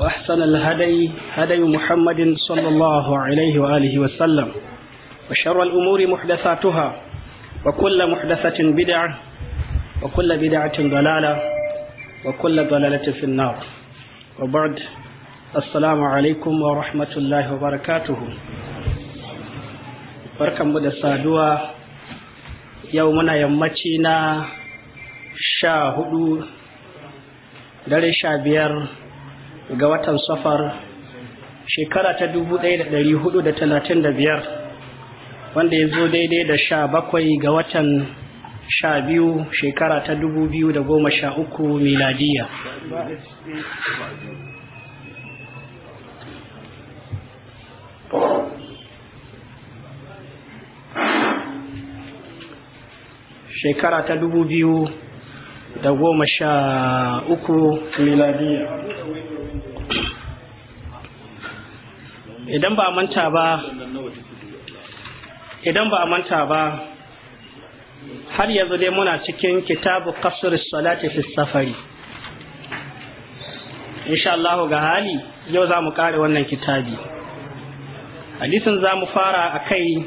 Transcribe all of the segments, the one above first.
وأحسن الهدي هدي محمد صلى الله عليه وآله وسلم وشر الأمور محدثاتها وكل محدثة بدعة وكل بدعة ضلالة وكل ضلالة في النار وبعد السلام عليكم ورحمة الله وبركاته بركة مدى سادوة يومنا يمتنا شاهدوا دار شابير ga watan safar shekara ta dubu ɗaya da da da ɗari hudu talatin biyar, wanda ya zo daidai da sha bakwai ga watan sha biyu shekara ta dubu biyu da goma sha uku miladiya shekara ta dubu biyu da goma sha uku miladiya idan ba a manta ba idan ba manta ba har yanzu dai muna cikin kitabu kasar salati fi safari insha Allah ga hali yau za mu kare wannan kitabi hadisin za mu fara a kai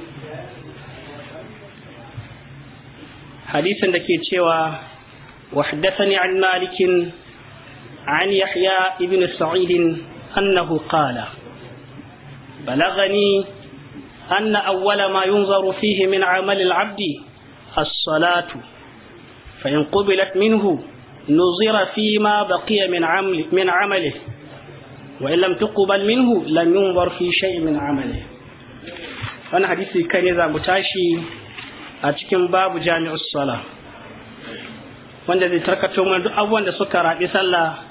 hadisin da ke cewa وحدثني عن مالك عن يحيى بن سعيد أنه قال بلغني أن أول ما ينظر فيه من عمل العبد الصلاة فإن قبلت منه نظر فيما بقي من عمله من عمله وإن لم تقبل منه لم ينظر في شيء من عمله أنا حديثي كان إذا متاشي أتكلم باب جامع الصلاة wanda zai tarkato mana duk abubuwan da suka raɗi sallah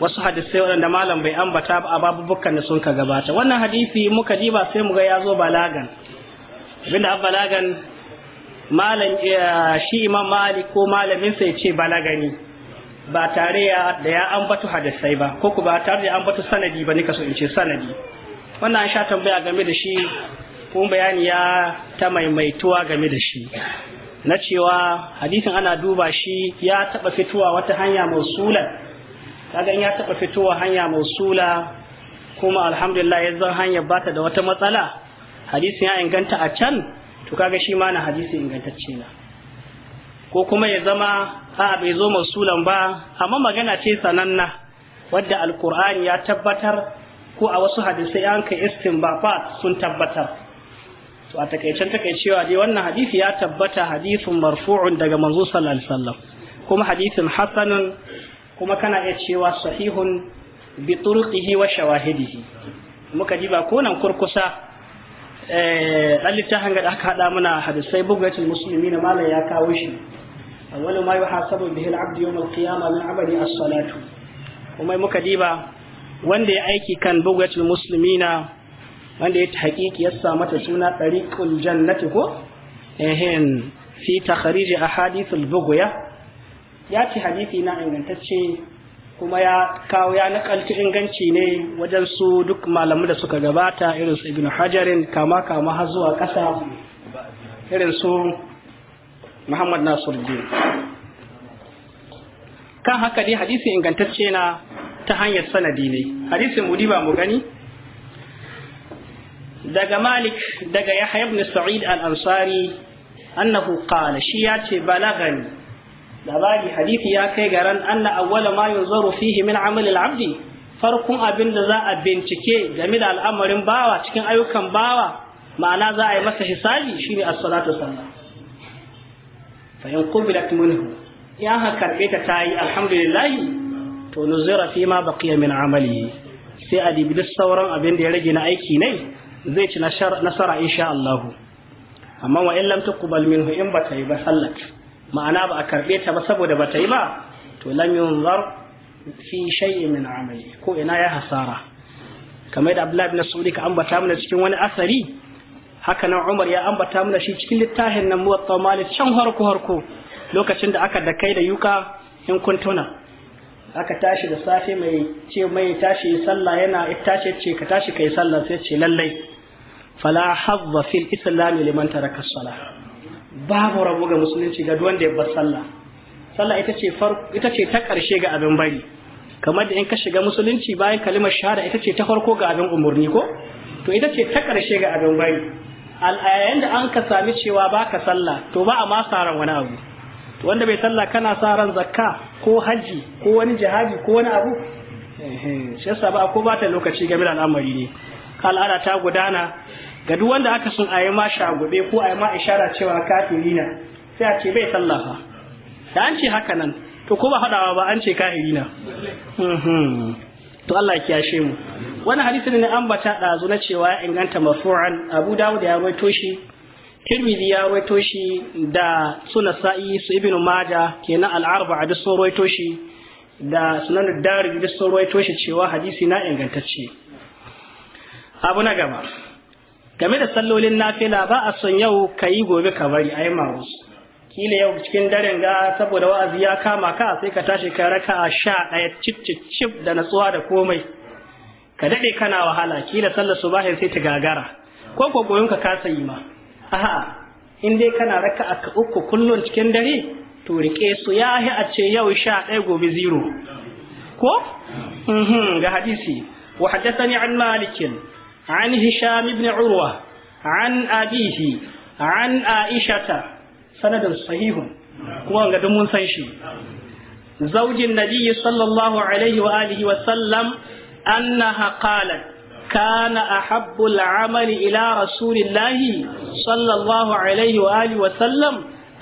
wasu hadisai waɗanda malam bai ambata ba a babubukan da sun ka gabata wannan hadisi muka ji ba sai mu ga ya zo balagan abinda a balagan malam eh, shi imam malik ko malamin sai ce balagani ba tare da ya ambatu hadisai ba ko ku ba tare da ambatu sanadi ba nika so in ce sanadi wannan an sha tambaya game da shi ko bayani ya ta maimaituwa game da shi na cewa hadisin ana duba shi ya taɓa fitowa wata hanya mausulan kaga in ya taɓa fitowa hanya mausula kuma alhamdulillah ya zan hanya ta da wata matsala hadisi ya inganta a can to kaga shi ma na hadisi ingantacce na ko kuma ya zama a bai zo mausulan ba amma magana ce sananna wadda alkur'ani ya tabbatar ko a wasu hadisai an kai istinbafat sun tabbatar to a takaicen takaicewa dai wannan hadisi ya tabbata hadisin marfu'un daga manzo sallallahu alaihi wasallam kuma hadisin hasanun kuma kana iya cewa sahihun bi turqihi wa shawahidihi muka ji ba nan kurkusa eh, dan littafin ga aka hada muna hadisai bugatul muslimin malai ya kawo shi awwalu ma yuhasabu bihi al-abd yawm al-qiyamah min amali as-salatu kuma muka diba wanda ya aiki kan bugatul muslimina wanda ya tahqiqi ya sa mata suna tariqul jannati ko ehin fi takhrij ahadithul bughya ya ce hadisi na ingantacce kuma ya kawo ya nakalci inganci ne wajen su duk malamu da suka gabata irin su Ibn hajarin kama kama har zuwa kasa irin su muhammad nasiruddin kan haka dai hadisi ingantacce na ta hanyar sanadi ne hadisin ba mu gani daga malik daga yahya ibn sa'id al-ansari annahu qala shi ya ce balagani labari hadisi ya kai garan anna awwala ma yunzaru fihi min amali al-abdi farkon abin da za a bincike game da al'amarin bawa cikin ayyukan bawa ma'ana za a yi masa hisabi shine as-salatu sallah fa in qubilat minhu ya ha karbe ta tayi alhamdulillah to nuzira fi ma baqiya min amali sai a dibi sauran abin da ya rage na aiki ne zai ci nasara insha Allah amma wa in lam tuqbal minhu in bata yi ba sallat ma'ana ba a karɓe ta ba saboda ba ta yi ba to lam yunzar fi shay'in min amali ko ina ya hasara kamar da Abdullahi ibn Saudi ka ambata mana cikin wani asari haka nan Umar ya ambata mana shi cikin littafin nan Muwatta can harko harko lokacin da aka dakai da yuka in kuntuna aka tashi da safe mai ce mai tashi sallah yana tashi ce ka tashi kai sallah sai ce lallai fala hazza fil islam liman taraka salah babu rabo ga musulunci ga wanda ya bar sallah sallah ita ce ita ce ta karshe ga abin bari kamar da in ka shiga musulunci bayan kalimar shahada ita ce ta farko ga abin umurni ko to ita ce ta karshe ga abin bari al'ayayen da an ka sami cewa baka sallah to ba a ma sa ran wani abu To wanda bai sallah kana sa ran zakka ko haji ko wani jihadi ko wani abu shi yasa ba ko bata lokaci ga da al'amari ne al'ada ta gudana ga duk wanda aka sun ayi ma shagube ko yi ma ishara cewa kafiri na sai a ce bai sallah ba da an ce haka nan to ko ba haɗawa ba an ce kafiri na mhm. to Allah ya kiyashe mu wani hadisi ne an bata dazu na cewa ya inganta mafu'an Abu Dawud ya rawaito shi Tirmidhi ya rawaito shi da Sunan Sa'i su Ibn Majah kenan al-Arba'a da sun rawaito shi da Sunan Darimi da sun rawaito shi cewa hadisi na ingantacce abu na gaba game da sallolin nafila ba a son yau ka yi gobe ka bari a yi mawusu kila yau cikin daren ga saboda wa'azi ya kama ka sai ka tashi ka raka a sha ɗaya cip da natsuwa da komai ka daɗe kana wahala kila sallar subahin sai ta gagara ko ko goyon ka kasa yi ma a'a in dai kana raka a ka uku kullum cikin dare to rike su ya yi a ce yau sha ɗaya gobe ziro, ko mhm, ga hadisi وحدثني عن مالك عن هشام بن عروة عن أبيه عن عائشة سند صحيح kuma ga mun san shi zaujin nabiyyi sallallahu alaihi wa alihi wa sallam annaha qalat kana ahabbu al-amali ila rasulillahi sallallahu alaihi wa alihi wa sallam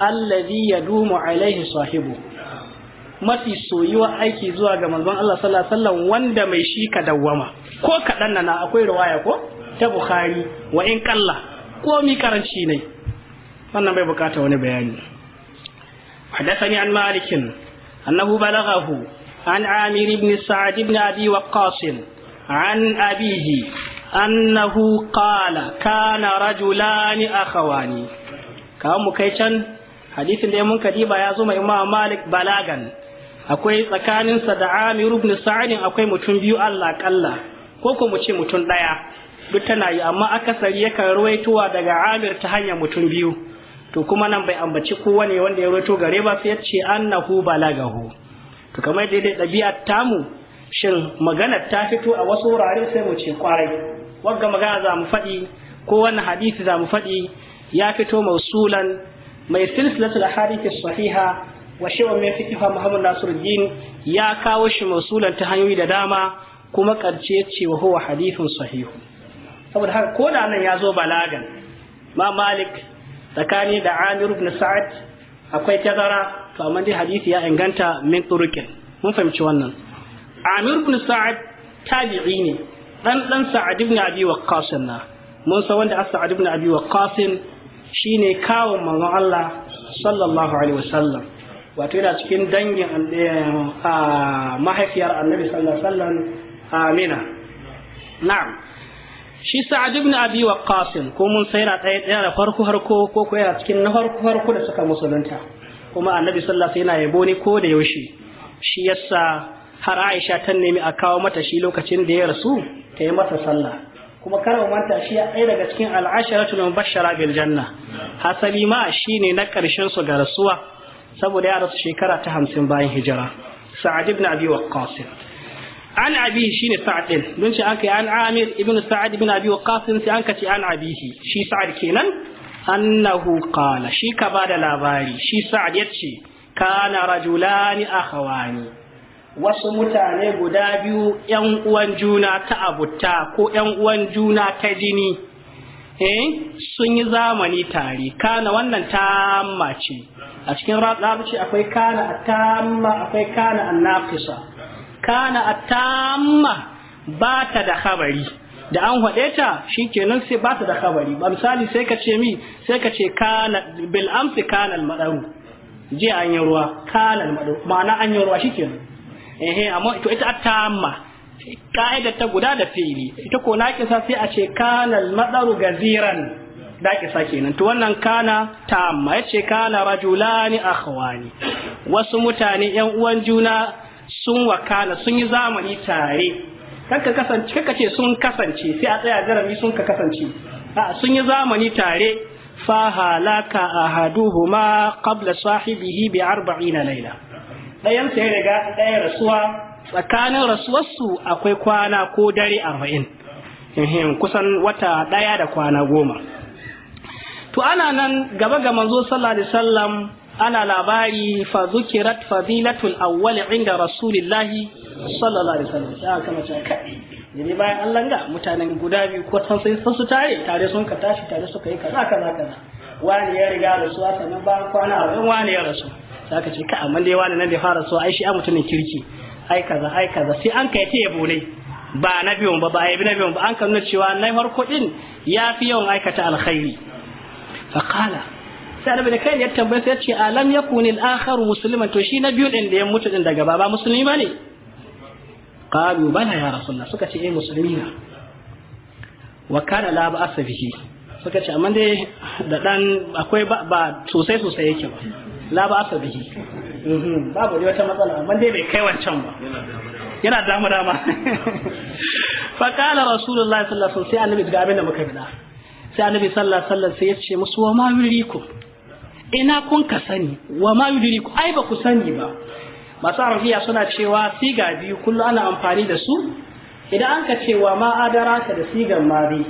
alladhi yadumu alaihi sahibu mafi soyuwa aiki zuwa ga manzon Allah sallallahu alaihi wanda mai shi ka dawwama ko kaɗan nan akwai rawaya ko ta bukhari wa in kalla ko mi karanci ne wannan bai bukata wani bayani hadathani an malikin annahu balaghahu an amir ibn sa'd ibn abi waqqas an abihi annahu qala kana rajulan akhawani kawo mu kai can hadisin da mun kadiba ya zo mai imam malik balagan akwai tsakaninsa da amir ibn sa'd akwai mutum biyu Allah kalla ko ko mu ce mutum ɗaya duk tana yi amma akasari yakan ruwaitowa daga amir ta hanyar mutum biyu to kuma nan bai ambaci kowa ne wanda ya ruwaito gare ba sai ya ce annahu balagahu to kamar daidai ɗabi'ar tamu shin magana ta fito a wasu wurare sai mu ce kwarai wagga magana za mu faɗi ko wani hadisi za mu faɗi ya fito mausulan mai silsilatul hadisi sahiha wa shewa mai fikifa muhammad nasiruddin ya kawo shi mausulan ta hanyoyi da dama kuma ƙarshe ce wa huwa hadithun sahihu saboda haka ko da nan ya zo balagan ma malik tsakani da amir ibn sa'ad akwai tazara to amma dai hadisi ya inganta min turukin mun fahimci wannan amir ibn sa'ad tabi'i ne dan dan sa'ad ibn abi waqqas na mun san wanda as-sa'ad ibn abi waqqas shine kawun manzon Allah sallallahu alaihi wasallam wato yana cikin dangin eh, mahaifiyar annabi sallallahu alaihi wasallam amina na'am shi sa'ad ibn abi waqqas ko mun sai na tsaye da farko harko ko ko yana cikin na farko harko da suka musulunta kuma annabi sallallahu alaihi wasallam yana yabo ni ko da yaushe shi yasa har Aisha ta nemi a kawo mata shi lokacin da ya rasu ta yi masa sallah kuma kar mu manta shi ɗaya daga cikin al'asharatul mubashshara bil janna hasali ma shine na ƙarshen su ga rasuwa saboda ya rasu shekara ta 50 bayan hijira sa'ad ibn abi waqqas an shi ne sa'ad din don shi an kai an amir ibn sa'ad ibn abi kafin sai an kace an abihi shi sa'ad kenan annahu qala shi ka da labari shi sa'ad yace kana rajulani akhawani wasu mutane guda biyu yan uwan juna ta abuta ko yan uwan juna ta jini eh sun yi zamani tare kana wannan tamma ce a cikin rabu akwai kana tamma akwai kana annaqisa kana atamma ba ta da khabari da an haɗe ta shikenan sai ba ta da khabari ba misali sai ka ce mi sai ka ce kana bil amsi kana al madaru je an yi ruwa kana al madaru ma'ana an yi ruwa shikenan eh amma to ita atamma ka'ida ta guda da fili ita ko na kisa sai a ce kana al madaru gaziran da kisa kenan to wannan kana tamma yace kana rajulani akhwani wasu mutane yan uwan juna sun wakala sun yi zamani tare kanka kasance kanka ce sun kasance sai a tsaya jarabi sun ka kasance a sun yi zamani tare fa halaka ahaduhuma qabla sahibihi bi 40 layla dayan sai daga daya rasuwa tsakanin rasuwarsu akwai kwana ko dare 40 kusan wata daya da kwana goma to ana nan gaba ga manzo sallallahu alaihi wasallam ana labari fa zukirat fadilatul awwal inda rasulillahi sallallahu alaihi wasallam da aka mace kai yayi bayan an langa mutanen guda biyu ko san sai su tare tare sun ka tashi tare suka yi kaza kaza kaza wani ya riga da su sannan ba kwana a wurin wani ya rasu sai aka ce ka amma dai wani nan da fara so ai shi a mutumin kirki ai kaza ai kaza sai an kai ta yabo ne ba na biyun ba ba bi na biyun ba an kan nuna cewa nai farko din ya fi yawan aikata alkhairi fa qala sai annabi da kai ya tambaye sai ya ce alam yakun al akhar musliman to shi na biyu din da ya mutu din daga baba musulmi ba ne? qalu bala ya rasulullah suka ce eh musulmi na wa kana la ba'sa bihi suka ce amma dai da dan akwai ba sosai sosai yake ba la ba'sa bihi mhm, babu dai wata matsala amma dai bai kai wancan ba yana damu dama fa qala rasulullah sallallahu alaihi wasallam sai annabi ga abin da muka faɗa sai annabi sallallahu alaihi wasallam sai ya ce musu wa ma yuriku ina kun ka sani wa ma yudriku ai ba ku sani ba masu arabiya suna cewa siga biyu kullu ana amfani da su idan an ka cewa ma adara ka da sigar mari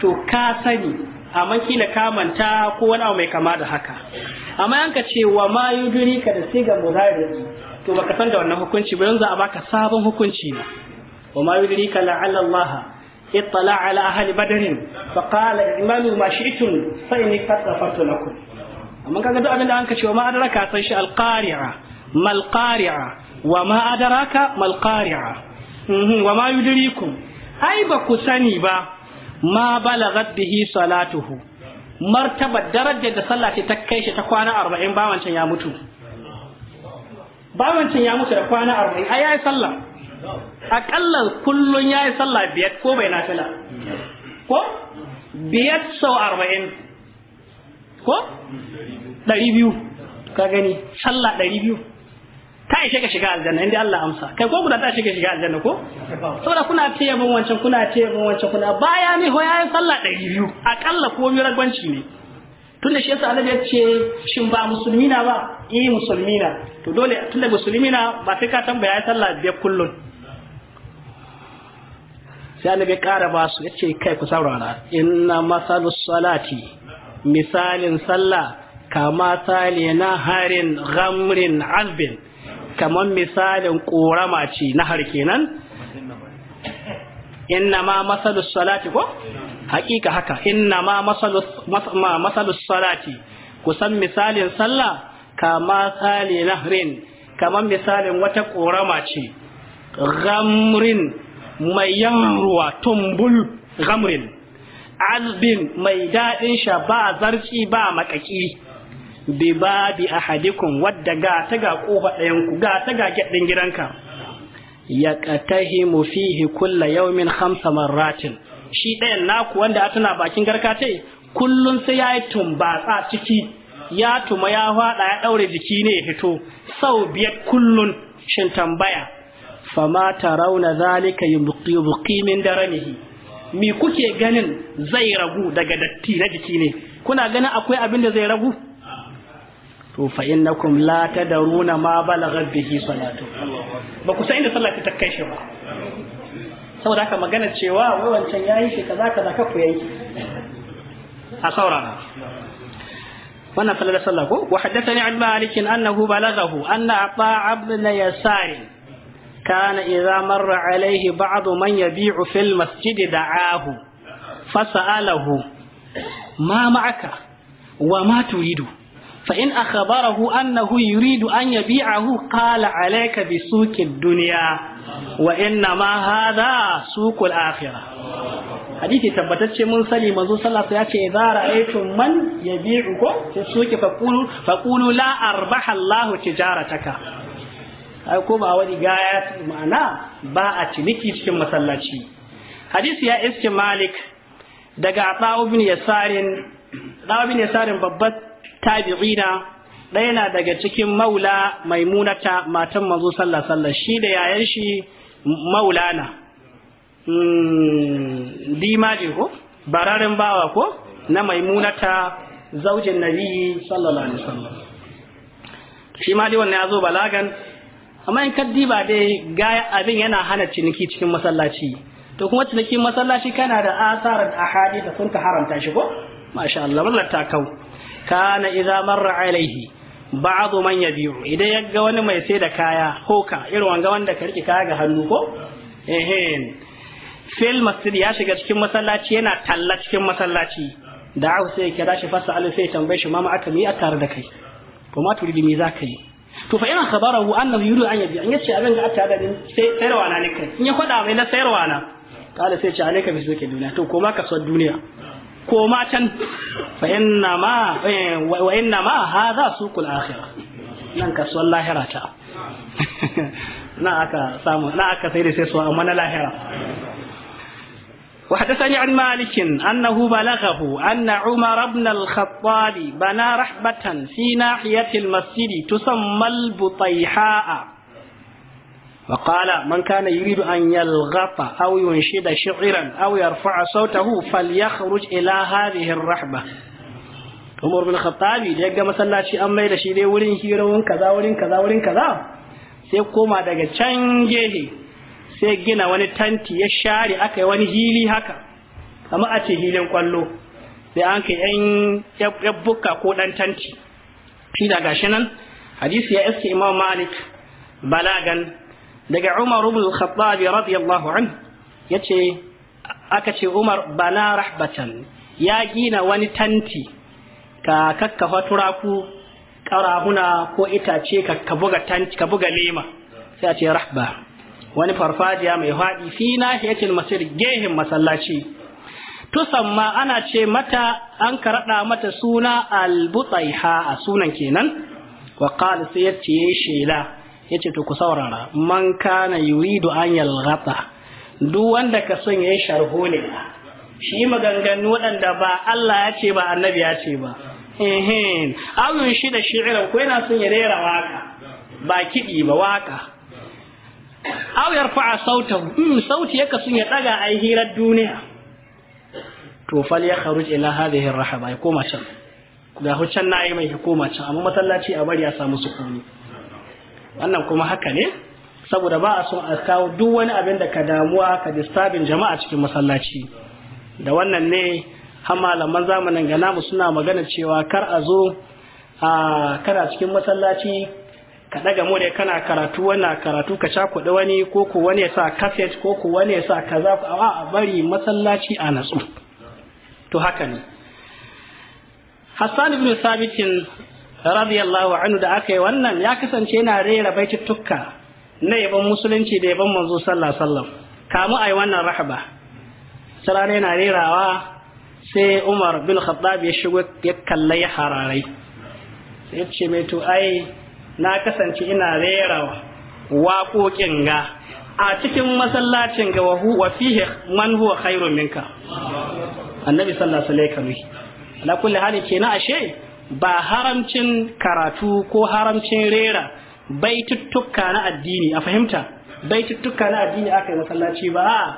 to ka sani amma kila ka manta ko wani abu mai kama da haka amma an ka cewa ma yudrika da sigan mudari to baka san da wannan hukunci ba yanzu a baka sabon hukunci ne wa ma yudrika la'alla Allah اطلع على أهل بدر فقال اعملوا ما شئتم فإني قد غفرت لكم amma kaga duk abin da an kace wa ma adraka san shi alqari'a mal qari'a wa ma adraka mal qari'a mhm, wa ma yudrikum ai ba ku sani ba ma balagat bihi salatuhu martaba darajar da sallah ce ta kai shi ta kwana 40 ba wancan ya mutu ba wancan ya mutu da kwana 40 ai yayi sallah akalla kullun yayi sallah biyar ko bai na nafila ko biyar sau 40 ko ɗari biyu ka gani sallah ɗari biyu ta ishe ka shiga aljanna inda Allah amsa kai ko guda ta ishe ka shiga aljanna ko saboda kuna ce mun wancan kuna ce mun wancan kuna baya ne ho yin sallah ɗari biyu akalla ko mi ragwanci ne tunda shi yasa Allah ya ce shin ba musulmi na ba eh musulmi na to dole tunda musulmi na ba sai ka tambaya yayin sallah biyar kullun sai Allah ya kara ba su yace kai ku saurara inna masalus salati misalin sallah kama tali na harin ghamrin albin, kamar misalin ƙorama ce na har kenan inna ma masalus salati ko haƙiƙa haka inna ma masalus salati kusan misalin sallah kama na harin, kamar misalin wata ƙorama ce ghamrin mai yan ruwa tumbul ghamrin azbin mai daɗin sha ba zarci ba makaki bi bi ahadikum wadda ga ta ga kofa ɗayan ku ga ta ga gidan gidanka ya qatahimu fihi kulla yawmin hamsa marratin shi ɗayan naku wanda a tana bakin garkatai kullun sai yayi tumbatsa ciki ya tuma ya faɗa ya ɗaure jiki ne ya fito sau biyar kullun shin tambaya fama tarawna zalika yubqi min daranihi mi kuke ganin zai ragu daga datti na jiki ne kuna ganin akwai abin da zai ragu to fa innakum la tadruna ma balagha bihi salatu ba ku san inda sallah ta kai shi ba saboda haka magana cewa wai wancan yayi shi kaza kaza ka ku yayi a saurara wannan sallar sallah ko wa haddathani an malik annahu balaghahu anna ata ibn yasari kana idza marra alaihi ba'd man yabi'u fil masjid da'ahu fas'alahu ma wa ma turidu fa in akhbarahu annahu yuridu an yabi'ahu qala alayka bi suki duniya wa inna ma hadha suqul akhirah hadisi tabbatacce mun sani manzo sallallahu ya ce idza ra'aytum man yabi'u ko fi suqi faqulu faqulu la arbaha Allah tijarataka ai ko ba wani gaya ma'ana ba a ciniki cikin masallaci hadisi ya iske malik daga ɗawo bin yasarin ɗawo yasarin babbar tabi'ina ɗaya na daga cikin maula maimunata matan manzo sallah sallah shi da yayan shi maulana hmm, dimaji ko bararin bawa ko na maimunata zaujin nabi sallallahu alaihi wasallam shi ma dai wannan ya zo balagan amma in kaddi ba dai ga abin yana hana ciniki cikin masallaci to kuma cinikin masallaci kana da asarar ahadi da sun ka haramta shi ko masha Allah wallah ta kau kana idza marra alaihi ba'du man yabiu idan ya ga wani mai sai da kaya ka irin wanga wanda ka rike kaya ga hannu ko ehe fil masjid ya shiga cikin masallaci yana talla cikin masallaci da sai ya kira shi fasa alu sai tambaye shi mama aka mi a tare da kai kuma turidi mi za ka yi to fa ina khabarahu annahu yuridu an yabi an yace abin da aka gadin sai sayarwa na ne kai in ya faɗa mai na sayarwa na kala sai ce alayka bi suke duniya to koma ka san duniya koma can fa inna ma eh, wa inna ma hadha suqul akhirah nan ka san lahira ta na aka samu na aka sai da sai so amma na lahira وحدثني عن مالك أنه بلغه أن عمر بن الخطاب بنى رحبة في ناحية المسجد تسمى البطيحاء وقال من كان يريد أن يلغط أو ينشد شعرا أو يرفع صوته فليخرج إلى هذه الرحبة Umar bin Khattabi da ya ga masallaci an mai da shi dai wurin hira wurin kaza wurin kaza wurin kaza sai koma daga can gehe sai gina wani tanti ya share aka yi wani hili haka kama a ce hilin kwallo sai an kai yan yabbuka ko dan tanti shi da gashi nan hadisi ya iske imam malik balagan daga umar ibn al-khattab radiyallahu anhu yace aka ce umar bana rahbatan ya gina wani tanti ka kakkafa turaku karahuna ko itace ka buga tanti ka buga lema sai a ce rahba wani farfajiya mai haɗi fi nahiyatil masir gehin masallaci tusamma ana ce mata an karaɗa mata suna albutaiha a sunan kenan wa qala sai yace yayi shela yace to ku saurara man kana yuridu an yalghata duk wanda ka son yayi ne. shi maganganu waɗanda ba Allah ya ce ba annabi ya ce ba ehin awun shi da shi'ira ko yana son ya rera waka ba kiɗi ba waka aw yarfa sautahu in hmm, sauti yaka sun ya daga ai hirar duniya to fal ya kharuj ila hadhihi rahaba ya koma can ga huccan na mai ya koma can amma masallaci a bari ya samu sukuni wannan kuma haka ne saboda ba a son a kawo duk wani abin da ka damuwa ka disturbin jama'a cikin masallaci da wannan ne har malaman zamanin ga namu suna magana cewa kar a zo a kana cikin masallaci ka daga mu ne kana karatu wannan karatu ka kuɗe wani ko ko wani ya sa kafet ko ko wani ya sa kaza a bari masallaci a natsu to haka ne Hassan ibn Sabit radiyallahu anhu da aka yi wannan ya kasance yana rera tukka na yaban musulunci da yaban manzo sallallahu alaihi wasallam kamu ai wannan rahaba sarare yana rerawa sai Umar bin Khattab ya shigo ya kalla ya hararai sai ya ce mai to ai na kasance ina rera waƙoƙin ga a cikin masallacin ga wa fihi man huwa khairu minka annabi sallallahu alaihi wasallam ala kulli hali kenan ashe ba haramcin karatu ko haramcin rera baituttuka na addini a fahimta baituttuka na addini aka yi masallaci ba a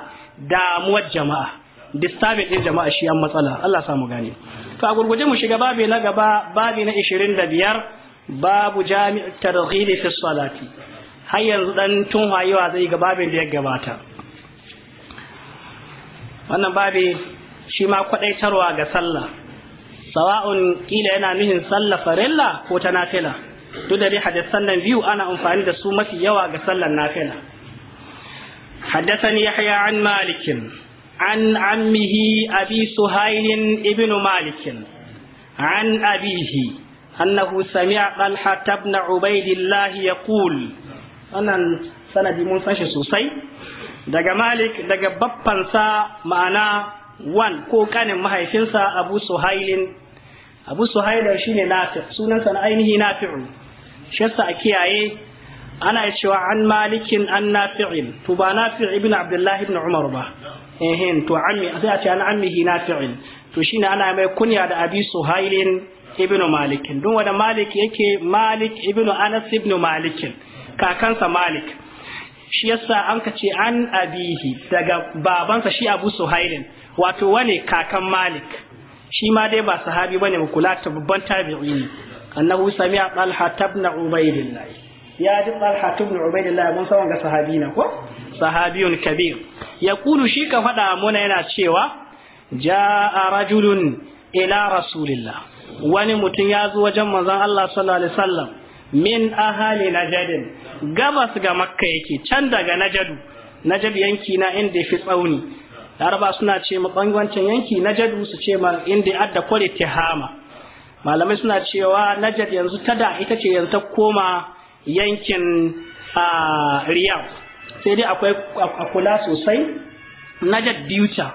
damuwar jama'a disturbing din jama'a shi an matsala Allah samu gane to a gurguje mu shiga babi na gaba babi na 25 babu jami'u targhib fi salati har yanzu dan tun wayewa zai ga babin da ya gabata wannan babi shi ma kwadaitarwa ga sallah sawa'un kila yana nuhin sallah farilla ko ta nafila duk da dai hadisan biyu ana amfani da su mafi yawa ga sallar nafila حدثني يحيى عن مالك عن عمه أبي سهيل ابن مالك عن أبيه أنه samia طلحة بن عبيد الله يقول sanadi سندي من سنش سوسي daga Malik daga baffansa ma'ana wan ko kanin mahaifinsa Abu Suhailin Abu shine Nafi sunansa na ainihi Nafi'u shi yasa a kiyaye ana cewa an malikin an nafi'in to ba nafi' ibn Abdullah ibn Umar ba eh to ammi sai a ce an ammihi nafi'in to shine ana mai kunya da Abi Suhailin Ibnu malik dun wanda malik yake malik ibnu anas ibn malikin kakansa malik shi yasa an ka ce an abihi daga babansa shi abu suhailin wato wane kakan malik shi ma dai ba sahabi bane mu kula ta babban tabi'i ne annahu sami'a talha ibn ubaidillah ya ji talha tabna ubaidillah mun san ga sahabi na ko sahabiyun kabir yaqulu shi ka fada muna yana cewa ja'a rajulun ila rasulillah wani mutum ya zo wajen manzon Allah sallallahu alaihi wasallam min ahali najadin gabas ga makka yake can daga najadu najad yanki na inda fi tsauni laraba suna ce ma bangwancin yanki najadu su ce ma inda adda kore tihama malamai suna cewa najad yanzu ta da ita ce yanzu ta koma yankin riyadh sai dai akwai akula sosai najad biuta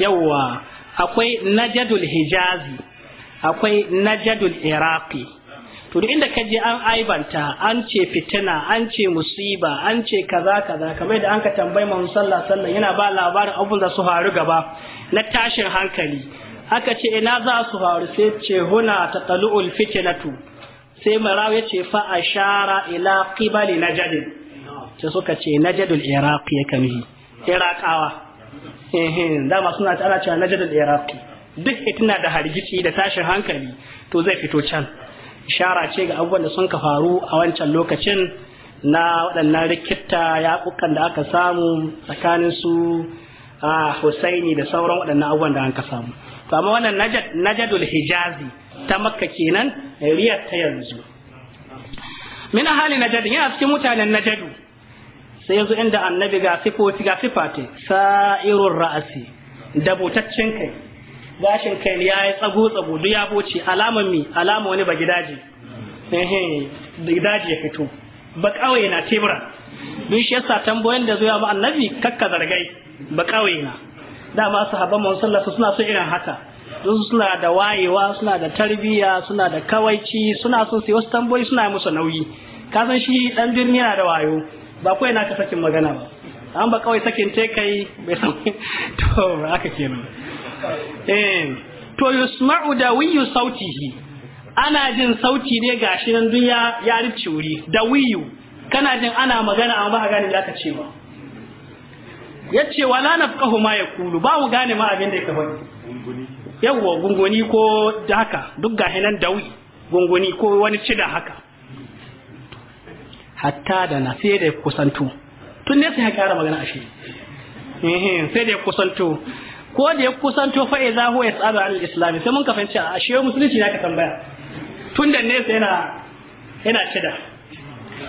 yawwa akwai najadul hijazi akwai najadul iraqi to duk inda kaje an aibanta an ce fitina an ce musiba an ce kaza kaza kamar da an ka tambayi manzon sallallahu alaihi yana ba labarin abun da su faru gaba na tashin hankali aka ce ina za su faru sai ce huna tatalu'ul fitnatu sai maraw ya ce fa ashara ila qibali najd sai suka ce najadul iraqi ya kamhi iraqawa eh eh dama suna ta ana cewa najadul iraqi duk tana da hargici da tashin hankali to zai fito can ishara ce ga abubuwan da sun ka faru a wancan lokacin na waɗannan rikita yaƙukan da aka samu tsakanin su a Husaini da sauran waɗannan abubuwan da an samu to amma wannan najadul hijazi ta makka kenan riyar ta yanzu min hali najadu yana cikin mutanen najadu sai yanzu inda annabi ga sifoti ga sifati Sa'irun ra'asi da butaccen kai gashin kai ya yi tsago tsago duk ya boci, alaman mi alama wani ba gidaje da gidaje ya fito ba kawai na tebura duk shi yasa tamboyan da zuwa ma annabi kakka zargai ba kawai na dama sahabban mu sallallahu suna so irin haka duk suna da wayewa suna da tarbiyya suna da kawaici suna so su wasu tamboyi suna musu nauyi ka san shi dan birni yana da wayo ba kawai na ka sakin magana ba an ba kawai sakin te kai bai san to haka kenan eh to yusma'u dawiyu sautihi ana jin sauti ne gashi nan duk ya ya wuri wuri dawiyu kana jin ana magana amma ba ka gane zaka ce ba yace wala nafqahu ma yaqulu ba mu gane ma abin da yake ba yawa gungoni ko da haka duk gashi nan dawi gungoni ko wani cida haka hatta da na sai da kusantu tun ne sai ka kara magana ashe sai da kusantu. ko da ya kusanto fa idza huwa yasalu an islam sai mun ka fahimci a shehu musulunci na ka tambaya tun da nesa yana yana cida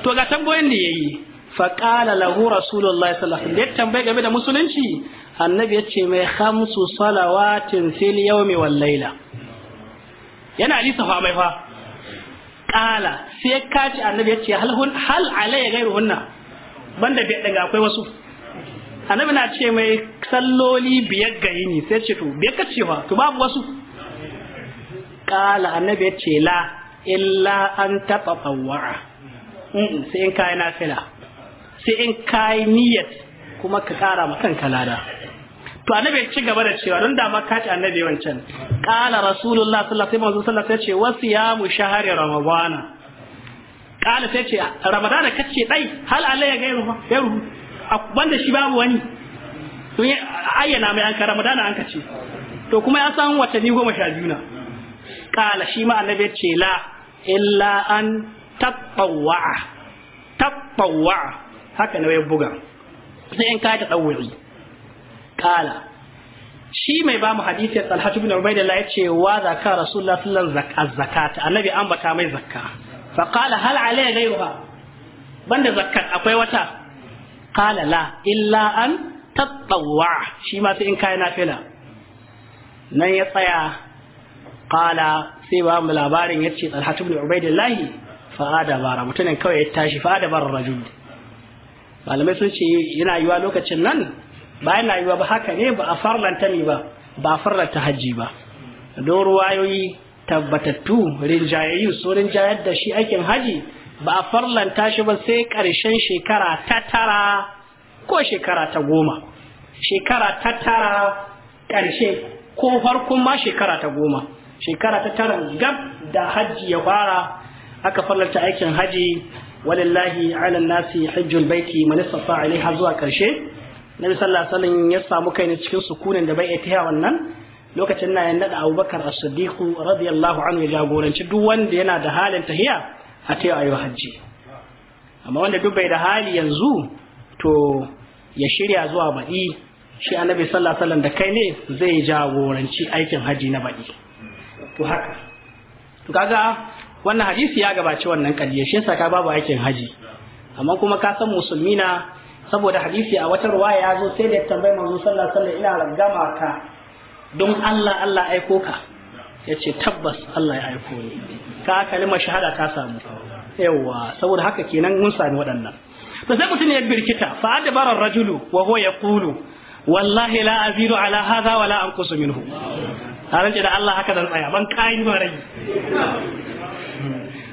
to ga tambayoyin da yayi fa qala lahu rasulullahi sallallahu alaihi wasallam ya tambaye game da musulunci annabi ya ce mai khamsu salawatin fil yawmi wal layla yana alisa fa mai fa qala sai ya kaci annabi ya ce hal hal alayya ghairuhunna banda bi daga akwai wasu annabi na ce mai salloli biyar ga yini sai ce to biyar ka cewa to babu wasu kala annabi ya ce la illa an taɓa tsawara sai in kayi nafila sai in kayi niyyat kuma ka kara ma kanka lada to annabi ci gaba da cewa don dama ka ci annabi wancan kala rasulullah sallallahu alaihi wasallam sai ce wasu ya mu shahari ramadana kala sai ce ramadana kace dai hal alai ya gairu ba gairu wanda shi babu wani to ayyana mai an ka ramadana an kace ce to kuma ya san watanni goma sha biyu na kala shi ma annabi ce la illa an taɓawa'a taɓawa'a haka na ya buga sai in ka ta dawuri kala shi mai ba mu hadisi talha ibn ubaidillah ce wa zakka rasulullah sallallahu alaihi zakata annabi ambata mai zakka fa kala hal alayya ghayruha banda zakkat akwai wata qala illa an tatawwa shi ma sai in kai fila nan ya tsaya qala sai ba mu labarin yace talhatu ibn ubaidillahi fa adabara mutumin kawai ya tashi fa adabara rajul malamai sun ce yana yiwa lokacin nan ba yana yiwa ba haka ne ba a farlanta ne ba ba a farlanta hajji ba don ruwayoyi tabbatattu rinjayayyu so rinjayar da shi aikin haji ba a farlanta shi ba sai ƙarshen shekara ta tara ko shekara ta goma shekara ta tara ƙarshe ko farkon ma shekara ta goma shekara ta tara gab da hajji ya fara aka farlanta aikin haji walillahi ala nasi hajjul baiti man istata ilaiha zuwa karshe nabi sallallahu alaihi wasallam ya samu kai ne cikin sukunin da bai iya wannan lokacin na ya nada Abubakar As-Siddiq radiyallahu anhu ya jagoranci duk wanda yana da halin tahiya a ta wa hajji amma wanda duk bai da hali yanzu to ya shirya zuwa baɗi shi annabi sallallahu alaihi da kai ne zai jagoranci aikin hajji na baɗi to haka to kaga wannan hadisi ya gabaci wannan kadiya shi yasa ka babu aikin haji amma kuma ka san musulmi na saboda hadisi a wata ruwaya ya zo sai da tambayi manzo sallallahu alaihi ina gama ka don Allah Allah aiko ka yace tabbas Allah ya aiko ni ka kalmar shahada ta samu yawa saboda haka kenan mun sami waɗannan to sai mutum ya birkita fa adbara rajulu wa huwa yaqulu wallahi la aziru ala hadha wa la anqusu minhu haran da Allah haka dan tsaya ban kai ba rai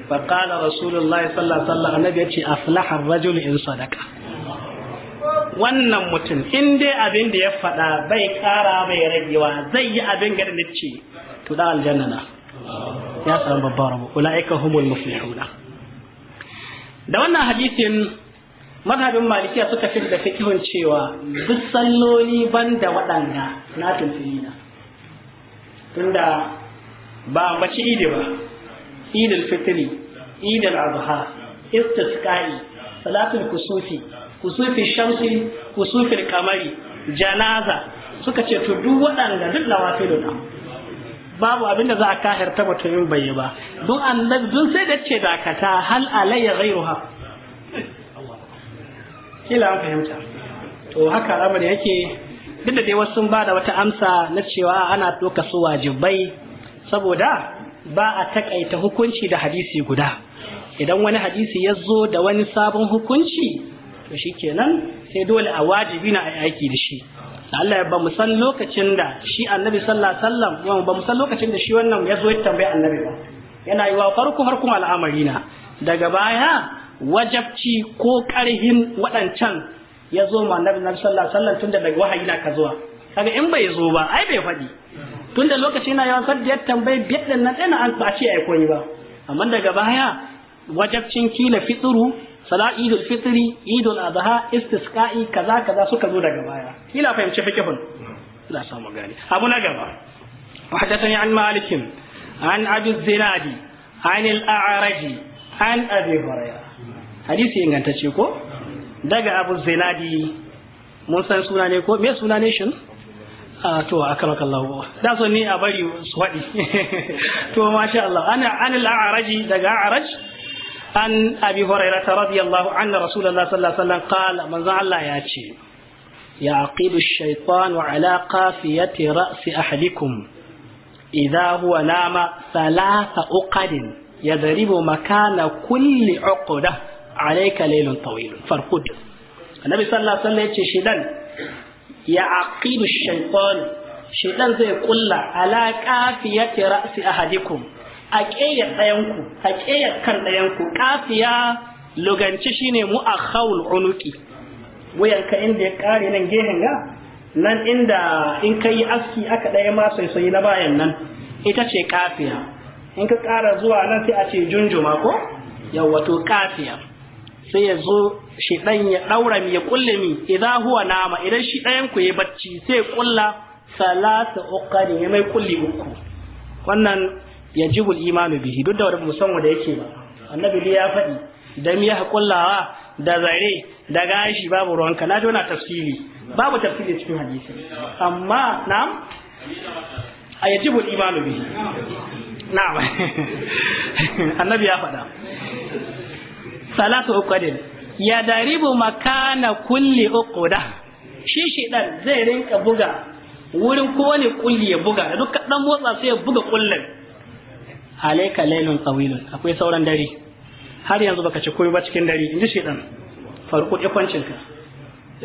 fa qala rasulullahi sallallahu alaihi wasallam annabi yace aflaha ar-rajulu in sadaka wannan mutum in dai abin da ya faɗa bai ƙara bai ragewa zai yi abin ga da ce to da aljanna na ya samu babban rabo ulaika humul muflihuna da wannan hadisin mazhabin malikiya suka fi da fikihun cewa duk salloli banda waɗanda na tunfili na tunda ba mace idi ba idil fitri idil adha istisqa'i salatul kusufi kusufi shamsi Kusufi kamari janaza suka ce to duk waɗanda duk lawafiluna babu abin da za a kahirta mutumin bai yi ba don annabi dun sai da ce dakata hal alayya ghayruha kila an fahimta to haka al'amari yake duk da dai wasu sun bada wata amsa na cewa ana toka su wajibai saboda ba a takaita hukunci da hadisi guda idan wani hadisi ya zo da wani sabon hukunci to shikenan sai dole a wajibi na aiki da shi Allah ya ba mu san lokacin da shi annabi sallallahu alaihi wasallam ba mu san lokacin da shi wannan ya zo ya tambaye annabi ba yana yi wa farko farkon al'amarina. daga baya wajabci ko karhin waɗancan ya zo ma annabi sallallahu alaihi wasallam tunda daga wahayi na ka zuwa kaga in bai zo ba ai bai faɗi tunda lokacin yana yawan sadda ya tambaye biyar nan ɗaya na an ba ce ai koyi ba amma daga baya wajabcin kila fitsuru sala idul fitri idul adha istisqa'i kaza kaza suka zo daga baya kila fahimci fiqhun la samu gani abu na gaba wa an malik an abi zinadi an al a'raj an abi hurayra hadisi ingantacce ko daga abu zinadi mun san suna ne ko me suna ne shin to a kamakan lawo da so ni a bari su to masha Allah ana anil a'araji daga a'araji an abi hurairah radiyallahu anna rasulullah sallallahu alaihi wasallam qala manzo Allah ya ce ya aqidu ash wa ala qafiyati ra'si ahadikum idha huwa nama thalatha uqadin yadribu makana kulli uqda alayka laylun tawil farqud annabi sallallahu alaihi wasallam ya ce shedan ya aqidu ash-shaytan zai kulla ala qafiyati ra'si ahadikum a ƙeyar ɗayanku a ƙeyar kan ɗayanku kafiya luganci shine mu a khawul unuki wuyanka inda ya ƙare nan gehen ga nan inda in ka yi aski aka ɗaya ma sai na bayan nan ita ce kafiya in ka ƙara zuwa nan sai a ce junjuma ko yawwato ƙafiya. sai ya zo shi ɗan ya ɗaura mi ya kulle mi idan huwa nama idan shi ɗayan ku ya bacci sai ƙulla kulla salasa uqani ya mai kulli uku wannan yajibu imanu bihi duk da wani musamman da yake ba annabi dai ya faɗi da mi ya kullawa da zare da gashi babu ruwanka na tona tafsiri babu tafsiri cikin hadisi amma na'am a yajibu imanu bihi na'am annabi ya faɗa salatu uqadin ya daribu makana kulli uquda shi shedan zai rinka buga wurin kowane kulli ya buga da duk dan motsa sai ya buga kullin alayka laylun tawilun akwai sauran dare har yanzu baka ci koyi ba cikin dare inji shedan farko ikwancin ka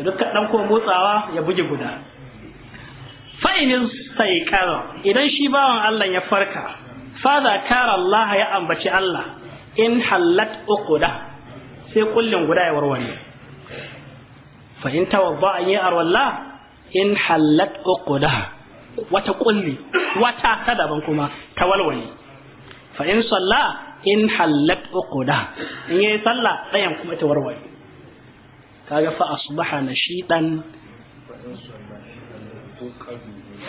da dukkan dan ko motsawa ya buge guda fa'inin sai kara idan shi bawan Allah ya farka fa kara Allah ya ambaci Allah in hallat uquda sai kullin guda ya warware fa in tawadda yi arwalla in hallat uquda wata kulli wata ta daban kuma ta walwale fa in salla in hallat uquda in yayi salla dayan kuma ta warware kaga fa asbaha nashidan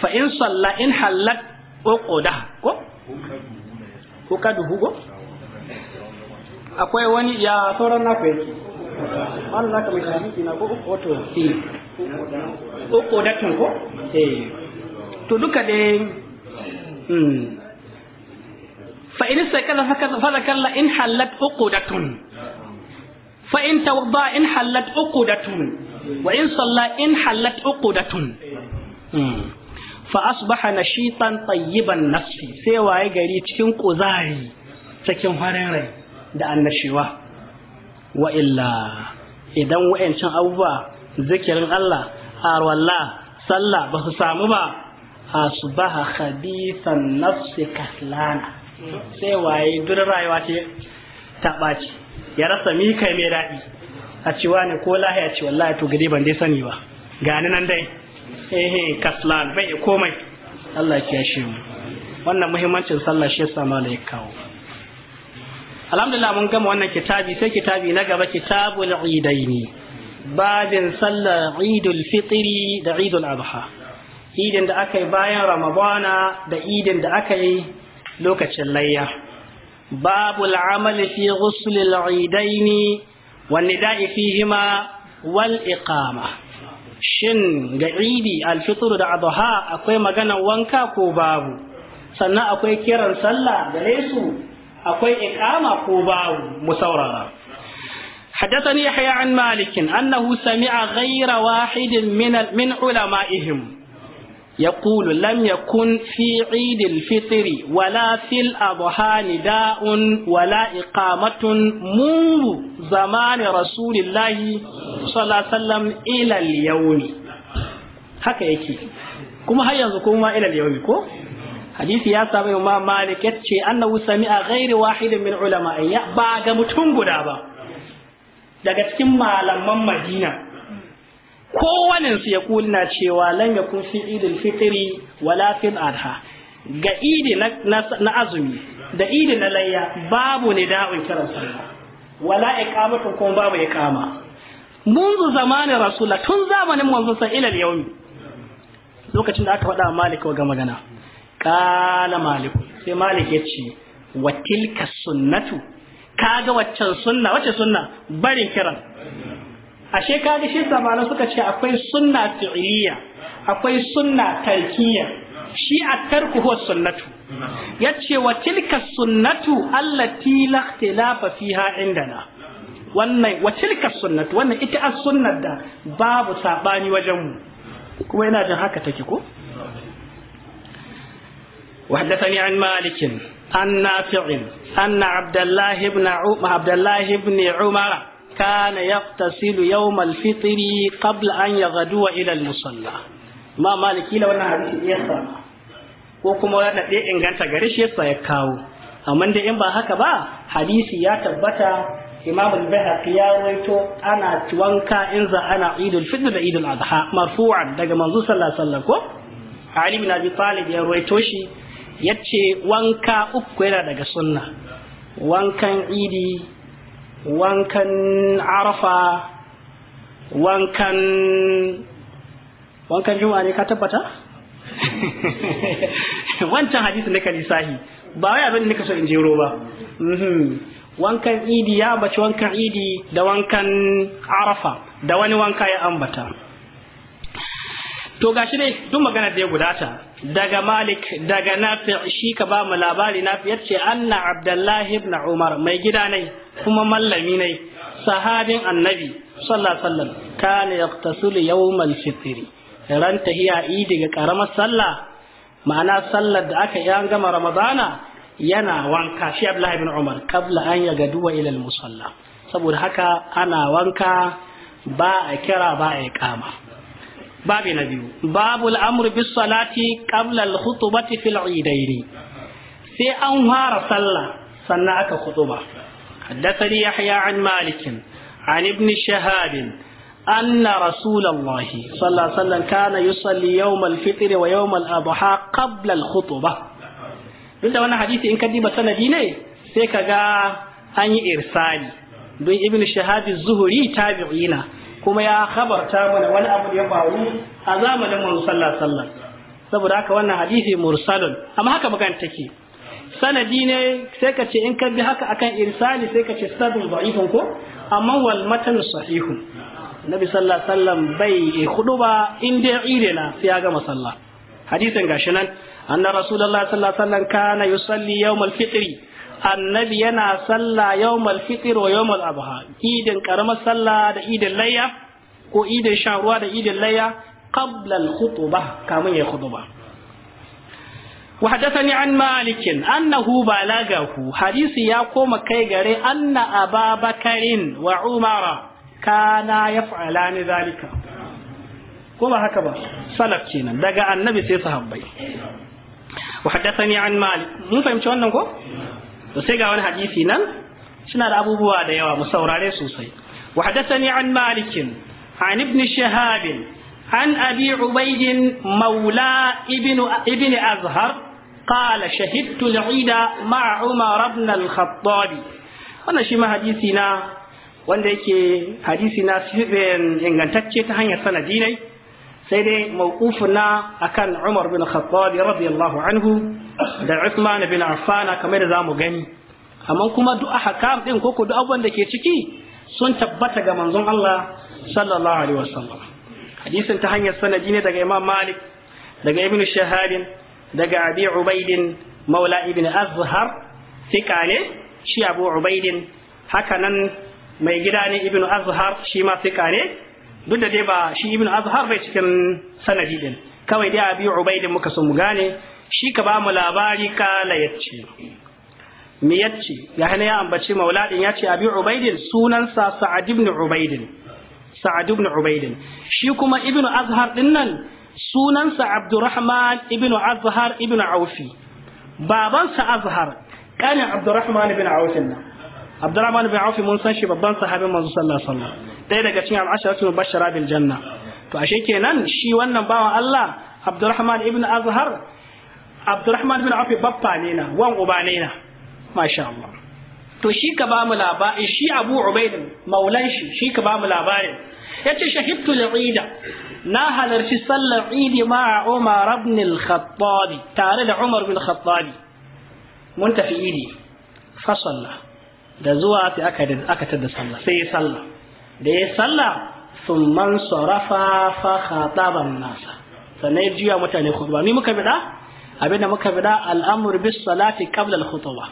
fa in salla in hallat uquda ko ko kadu hugo akwai wani ya sauran na kai Allah ka mai tariki na ko wato eh uqudatun ko eh to duka dai hmm. فإن استيقظ فذكر إن حلت عقدة فإن توضأ إن حلت عقدة وإن صلى إن حلت عقدة فأصبح نشيطا طيب النفس سوى يجري تكون قزاري تكون هريري da annashewa wa illa idan wa'ancan abubuwa zikirin Allah arwalla sallah ba su samu ba asbaha khabithan nafsi kaslana sai waye duk rayuwa ce ta ɓaci ya rasa mi kai mai daɗi a cewa ne ko lahiya ce wallahi to gade ban dai sani ba gani nan dai eh kaslan bai komai Allah ya kiyashe mu wannan muhimmancin sallah shi yasa mala ya kawo alhamdulillah mun gama wannan kitabi sai kitabi na gaba kitabul idaini babin sallar idul fitri da idul adha idin da aka yi bayan ramadana da idin da aka yi lokacin layya babu al'amali fi ghusl al'idaini wan nida'i fihima wal iqama shin ga idi alfitr da adha akwai magana wanka ko babu sannan akwai kiran sallah gare su akwai iqama ko babu mu saurara حدثني يحيى عن مالك أنه سمع غير واحد من من علمائهم يقول لم يكن في عيد الفطر ولا في الأضحى نداء ولا إقامة منذ زمان رسول الله صلى الله عليه وسلم إلى اليوم haka kuma har yanzu kuma ila yaumi ko hadisi ya samu imam malik yace annahu sami'a ghairi wahidin min ulama ya ba ga mutum guda ba daga cikin malaman madina kowanin su ya kunna cewa lan kun fi idil fitiri wala fil adha ga idi na azumi da idi na layya babu ne da'un kiran sallah wala iqamatun ko babu iqama منذ زمان zamanin rasula tun zamanin manzon sa ilal yau lokacin da aka faɗa malik ga magana kala malik sai malik ya ce wa tilka sunnatu kaga waccan sunna wacce sunna barin kiran ashe ka da shi samana suka ce akwai sunna fi'liya akwai sunna talkiya shi a tarku huwa sunnatu yace wa tilka sunnatu allati la ikhtilafa fiha indana wannan wa tilka sunnatu wannan ita as sunnar da babu sabani wajen mu kuma ina jin haka take ko وحدثني عن مالك عن نافع أن عبد الله بن عبد الله بن عمر كان يغتسل يوم الفطر قبل أن يغدو إلى المصلى ما مالك إلا وانا حديث يسا وكما وانا إن كانت غريش يسا يكاو أما دي انبا هكا با حديث ياتبتا إمام البهقي يرويتو أنا توانكا إنزا أنا عيد الفطر عيد الأضحى مرفوعا دقا منذ صلى الله عليه وسلم علي بن أبي طالب يرويتو شي yace wanka uku yana daga sunna wankan idi wankan arafa wankan wankan juma'a ne ka tabbata wancan hadisi na kalisahi ba wai abin da nika so in jero ba mhm. wankan idi ya baci wankan idi da wankan arafa da wani wanka ya ambata to ga shi dai duk magana da ya gudata daga malik daga nafi shi ka ba mu labari nafi yace anna abdullahi ibn umar mai gida ne kuma mallami ne sahabin annabi sallallahu alaihi wasallam kana yaqtasul yawmal fitr ran tahiya idi ga karamar sallah ma'ana sallar da aka yi an gama ramadana yana wanka shi abdullahi ibn umar kabla an ya gaduwa ila musalla saboda haka ana wanka ba a kira ba a yi kama babi na biyu Babu amru bis salati qabla al khutbati fil idaini sai an fara sallah sannan aka khutba haddathani yahya an malik an ibn shahab أن رسول الله صلى الله عليه وسلم كان يصلي يوم الفطر ويوم الأضحى قبل الخطبة duk da wani hadisi in ka diba sanadi ne sai ka ga an yi irsali don ibn shahabi zuhuri tabi'ina kuma ya khabarta mana wani abu da ya faru a zamanin manzo sallallahu saboda haka wannan hadisi mursalun amma haka magana take sanadi ne sai ka ce in ka bi haka akan irsali sai ka ce sadun da'ifun ko amma wal matan sahihun nabi sallallahu alaihi wasallam bai hudu ba in dai ire na sai ya gama sallah hadisin gashi nan anna rasulullahi sallallahu alaihi wasallam kana yusalli yawmal fitri annabi yana sallah yau fitr wa yawmal abha idin karamar sallah da idin layya ko idin sharuwa da idin layya qabla al kamun ya khutba وحدثني عن مالك أنه بلغه حديث يقوم كي غري أن أبا بكر وعمر كانا يفعلان ذلك كما هكذا سلف كينا دقى النبي سيصحب وحدثني عن مالك مو فهمت شو أنه to sai ga wani hadisi nan suna da abubuwa da yawa mu saurare sosai wa hadathani an malik an ibn shahab an abi ubayd maula ibn ibn azhar قال شهدت العيد مع عمر بن الخطاب wannan shi ma hadisi na wanda yake hadisi na ingantacce ta hanyar sanadi ne sai dai mawqufuna akan Umar bin Khattab radiyallahu anhu da Uthman bin Affan kamar da zamu gani amma kuma duk ahkam ɗin ko ko duk ke ciki sun tabbata ga manzon Allah sallallahu alaihi wasallam hadisin ta hanyar sanadi ne daga Imam Malik daga Ibn Shahab daga Abi Ubayd mawla Ibn Azhar thiqa ne shi Abu Ubayd haka nan mai gida ne Ibn Azhar shi ma thiqa ne duk da dai ba shi ibn azhar bai cikin sanadi din kawai dai abi ubaid muka so mu gane shi ka ba mu labari kala yace mi yacce ya hana ya ambace maula din yace abi ubaid sunan sa sa'ad ibn ubaid sa'ad ibn ubaid shi kuma ibn azhar din nan sunan sa abdurrahman ibn azhar ibn aufi baban sa azhar kana abdurrahman ibn aufi Abdurrahman bin Auf mun san shi babban sahabin manzo sallallahu alaihi wasallam ɗaya daga cikin al'asharatu mubashshara bil janna to ashe kenan shi wannan bawan Allah Abdurrahman ibn Azhar Abdurrahman bin Auf baffa ne na wan uba ne na masha Allah to shi ka ba mu labarin shi Abu Ubaid maulan shi shi ka ba mu labarin yace shahidtu al-Ida na halarci sallar Idi ma Umar ibn al-Khattab tare da Umar bin Khattabi mun tafi Idi fa sallah da zuwa sai aka aka tada sallah sai ya sallah da ya sallah sun man sarafa fa khataban nasa sannan ya juya mutane khutba ni muka bida abinda muka bida al'amur bis salati qabla al khutba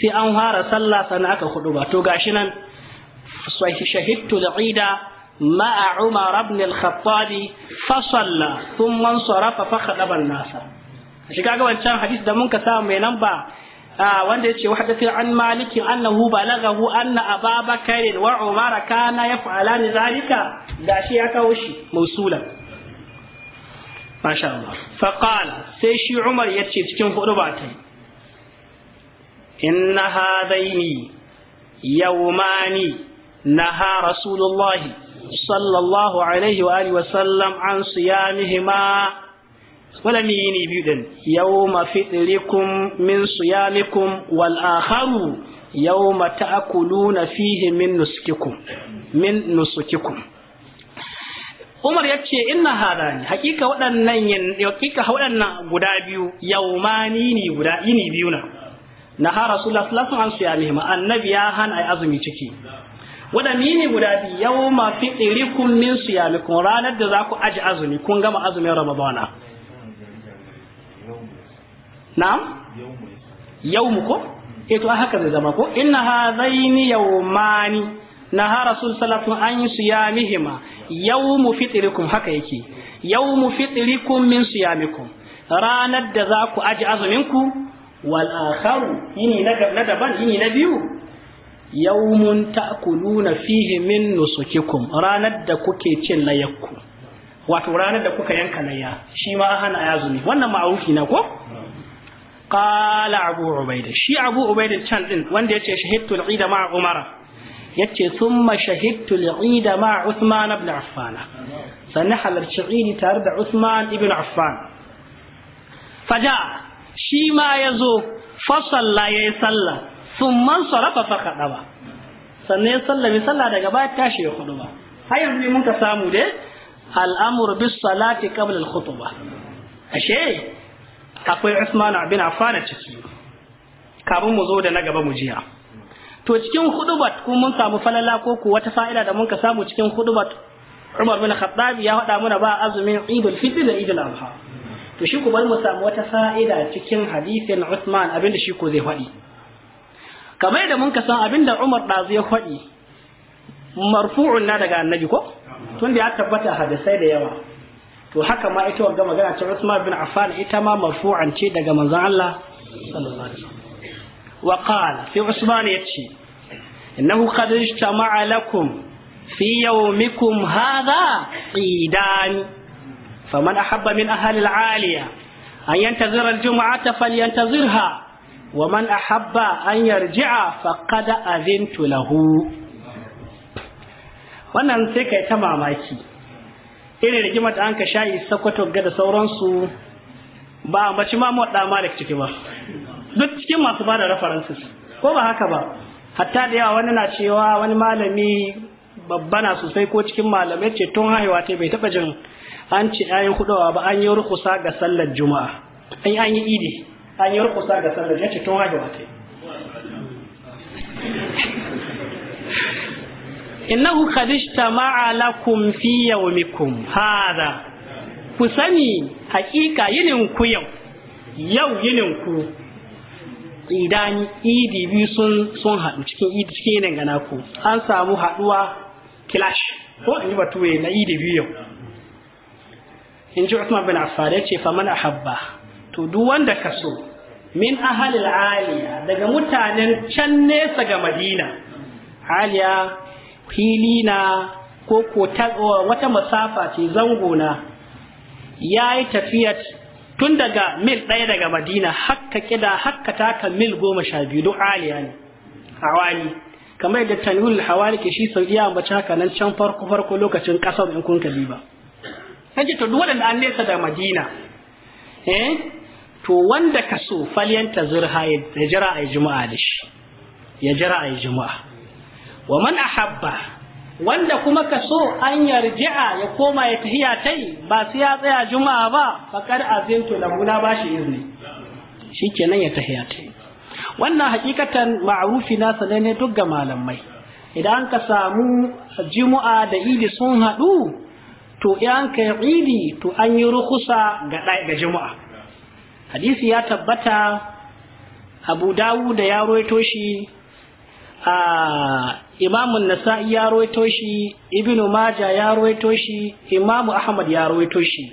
sai an fara sallah sannan aka khutba to gashi nan shahidtu al-ida مع عمر بن الخطاب فصلى ثم انصرف فخطب الناس shi kaga wancan hadis da mun ka sa mai namba wanda yace wa hadathina an malik annahu balagahu anna ababakar wa umar kana yaf'alani zarika da shi ya kawo shi mausulan masha sai shi umar yace cikin huɗu ba ta inna hadaini yawmani naha rasulullahi sallallahu alaihi wa alihi wa sallam an siyamihima ولم يني بيدن يوم فطركم من صيامكم والآخر يوم تأكلون فيه من نسككم من نسككم Umar ya ce inna hada ne hakika waɗannan hakika waɗannan guda biyu yaumani ne guda ini biyu na na ha rasulullah sallallahu an su ya nemi annabi ya hana ai azumi ciki waɗanne ne guda biyu yauma fi irikum min siyamikum ranar da za ku aji azumi kun gama azumin ramadana na'am yawmu ko E, to haka zai zama ko inna hadaini yawmani naha rasul sallallahu an siyamihima yawmu fitrikum haka yake yawmu fitrikum min siyamikum ranar da za ku aji azuminku wal akharu yini na daban yini na biyu yawmun ta'kuluna fihi min nusukikum ranar da kuke cin layakku wato ranar da kuka yanka layya shi ma hana azumi wannan ma'arufi na ko qala abu ubaida shi abu ubaida can din wanda yace shahidtu al ma umar yace thumma shahidtu al ma usman ibn affan halarci eid tare da usman ibn affan shi ma yazo fa salla yayi salla thumma sarafa fa kadaba sannan daga baya tashi ya hudu ba har yanzu mun ka samu dai al'amur bis salati qabla al khutbah ashe akwai Usman bin Affan a ciki kafin mu zo da na gaba mu jiya to cikin hudubat kun mun samu falala ko ku wata fa'ida da mun ka samu cikin hudubat Umar bin Khattab ya faɗa mana ba azumin Idul Fitr da Idul Adha to shi ku bar mu samu wata fa'ida cikin hadisin Usman abinda shi ko zai faɗi kamar da mun ka san abinda Umar dazu ya faɗi marfu'un na daga annabi ko tunda ya tabbata hadisai da yawa to haka ma ita wanga magana ta Usman bin Affan ita ma marfu'an ce daga manzon Allah sallallahu alaihi wasallam wa qala fi Usman yace innahu qad ijtama'a lakum fi yawmikum hadha qidan faman ahabba min ahli al-aliya an yantazira al-jum'ata falyantazirha wa man ahabba an yarji'a faqad azintu lahu wannan sai kai ta mamaki irin rigimar da an ka sha'i sakwato ga da sauransu ba a mace mamu da malik ciki ba duk cikin masu ba da references ko ba haka ba hatta da yawa wani na cewa wani malami babba babbana sosai ko cikin malamai ce tun haihuwa ta bai taba jin an ce ayin kudowa ba an yi rukusa ga sallar juma'a an yi an yi idi an yi rukusa ga sallar ya ce tun haihuwa ta innahu khadishta lakum fi yawmikum hada ku sani hakika yinin ku yau yau yinin ku idan idi biyu sun sun haɗu cikin idi cikin yinin gana ku an samu haɗuwa clash ko in yi batuwe na idi biyu yau in ji Uthman bin Affan ya ce man ahabba to duk wanda ka so min ahalil aliya daga mutanen can nesa ga Madina aliya fili na ko ko wata masafa ce zango na ya yi tafiya tun daga mil ɗaya daga madina hakka kida hakka taka mil goma sha biyu don aliya ne hawali kamar da tanwil hawali ke shi sau iya ambaci haka nan can farko farko lokacin ƙasar in kun kalli ba ji to duk waɗanda an nesa da madina eh, to wanda ka so falyanta zurha ya jira a juma'a da shi ya jira a yi juma'a wa man ahabba wanda kuma ka so an yarji'a ya koma ya tahiya tai ba sai ya tsaya juma'a ba fakar azintu lahu na bashi izni shikenan ya tahiya tai wannan hakikatan ma'rufi na sane ne duk ga malamai idan ka samu juma'a da idi sun haɗu to idan ka yi idi to an yi rukusa ga ga juma'a hadisi ya tabbata abu dawu da ya roito shi a imamun nasa'i ya rawaito shi ibnu maja ya rawaito shi imamu ahmad ya rawaito shi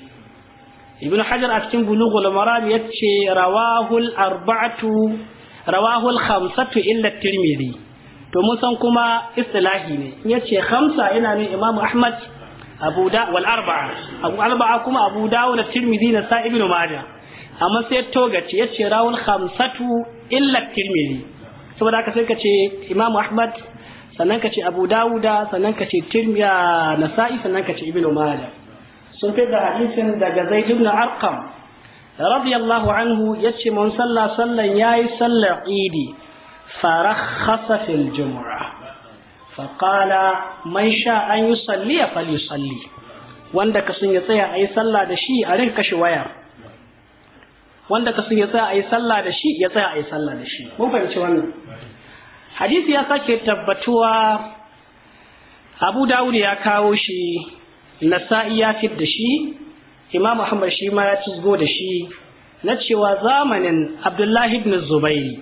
ibnu hajar a cikin bulughul maram yace rawahul arba'atu rawahul khamsatu illa tirmidhi to mun san kuma istilahi ne yace khamsa ina ne imamu ahmad abu da wal arba'a abu arba'a kuma abu dawud tirmidhi na sa ibnu maja amma sai togace yace rawul khamsatu illa tirmidhi saboda haka sai ka ce Imam Ahmad sannan ka ce Abu Dawuda sannan ka ce Tirmidhi Nasa'i sannan ka ce Ibn Majah sun fi da hadisin daga Zaid ibn Arqam radiyallahu anhu yace mun salla sallan yayi sallar Idi farakhasa fil jumu'ah faƙala man sha an yi salli ya salli wanda ka sun ya tsaya a yi sallah da shi a rin kashe waya wanda ka sun ya tsaya a yi sallah da shi ya tsaya a yi sallah da shi mun fahimci wannan hadisi ya sake tabbatuwa abu dawud ya kawo shi nasa'i ya fit da shi imam ahmad shi ma ya cizgo da shi na cewa zamanin abdullahi ibn zubairi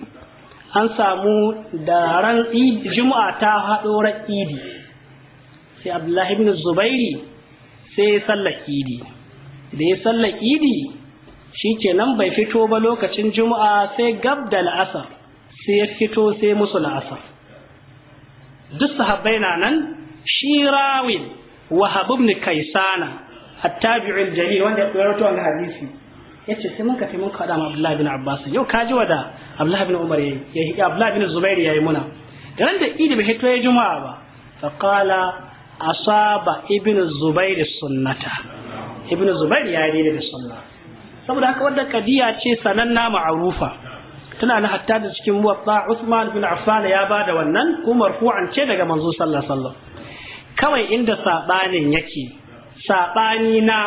an samu da ran juma'a ta haɗo ran idi sai abdullahi ibn zubairi sai ya sallar idi da ya sallar idi Shi shikenan bai fito ba lokacin juma'a sai gab da la'asar sai ya fito sai musu la'asar duk sahabbai na nan shirawin wahab ibn kaisana at al-jalil wanda ya rawaito an hadisi yace sai mun ka mun ka ma Abdullah bin Abbas yau ka ji wada Abdullah bin Umar ya yi Abdullah bin Zubair yi muna dan da idi bai fito ya juma'a ba fa qala asaba ibn Zubair sunnata ibn Zubair ya yi da sunna saboda haka wadda kadiya ce sananna ma'arufa tana na hatta da cikin muwatta Usman bin Affan ya ba da wannan ko marfu'an ce daga manzo sallallahu alaihi wasallam kawai inda sabanin yake sabani na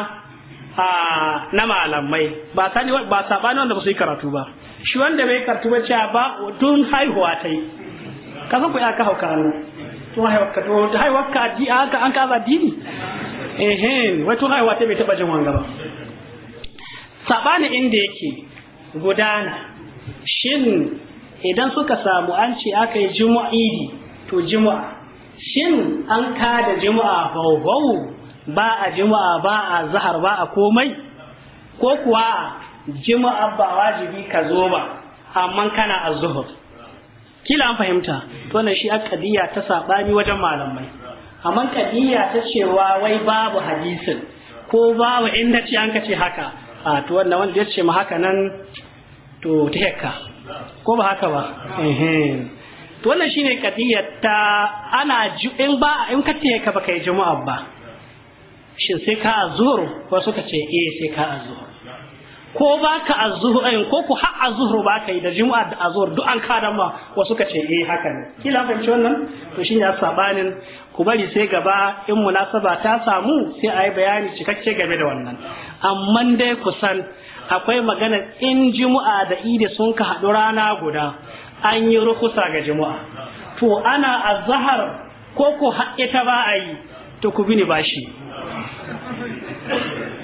na malamai ba sani ba sabani wanda ba su yi karatu ba shi wanda bai karatu ba cewa ba tun haihuwa tai ka san ku ya ka hauka hannu tun haihuwa ka to haihuwa ka di aka an dini eh wato wai tun haihuwa tai bai taba jin wanga ba sabani inda yake gudana shin idan suka samu an ce aka yi juma'idi to juma'a shin an kada juma'a bau ba a juma'a ba a zahar ba a komai ko kuwa juma'a ba wajibi ka zo ba amma kana a zuhur kila an fahimta to shi kadiyya ta sabani wajen malamai amma kadiya ta cewa wai babu hadisin ko babu inda ce an ka ce haka a to wannan wanda ya ce ma haka nan to ta hekka ko ba haka ba to wannan shine kadiyar ta ana in ba in ka ta hekka ba kai juma'a ba shin sai ka azhur ko suka ce eh sai ka azhur ko baka azzuhur ayin ko ku har ba baka yi da juma'a da azzuhur duk an kada ma wasu ka ce eh haka ne kila fahimci wannan to shine ya sabanin ku bari sai gaba in munasaba ta samu sai ayi bayani cikakke game da wannan amma dai kusan akwai magana in juma'a da idi sun ka haɗu rana guda an yi rukusa ga juma'a to ana azhar ko ku ita ba a yi to ku bi ni bashi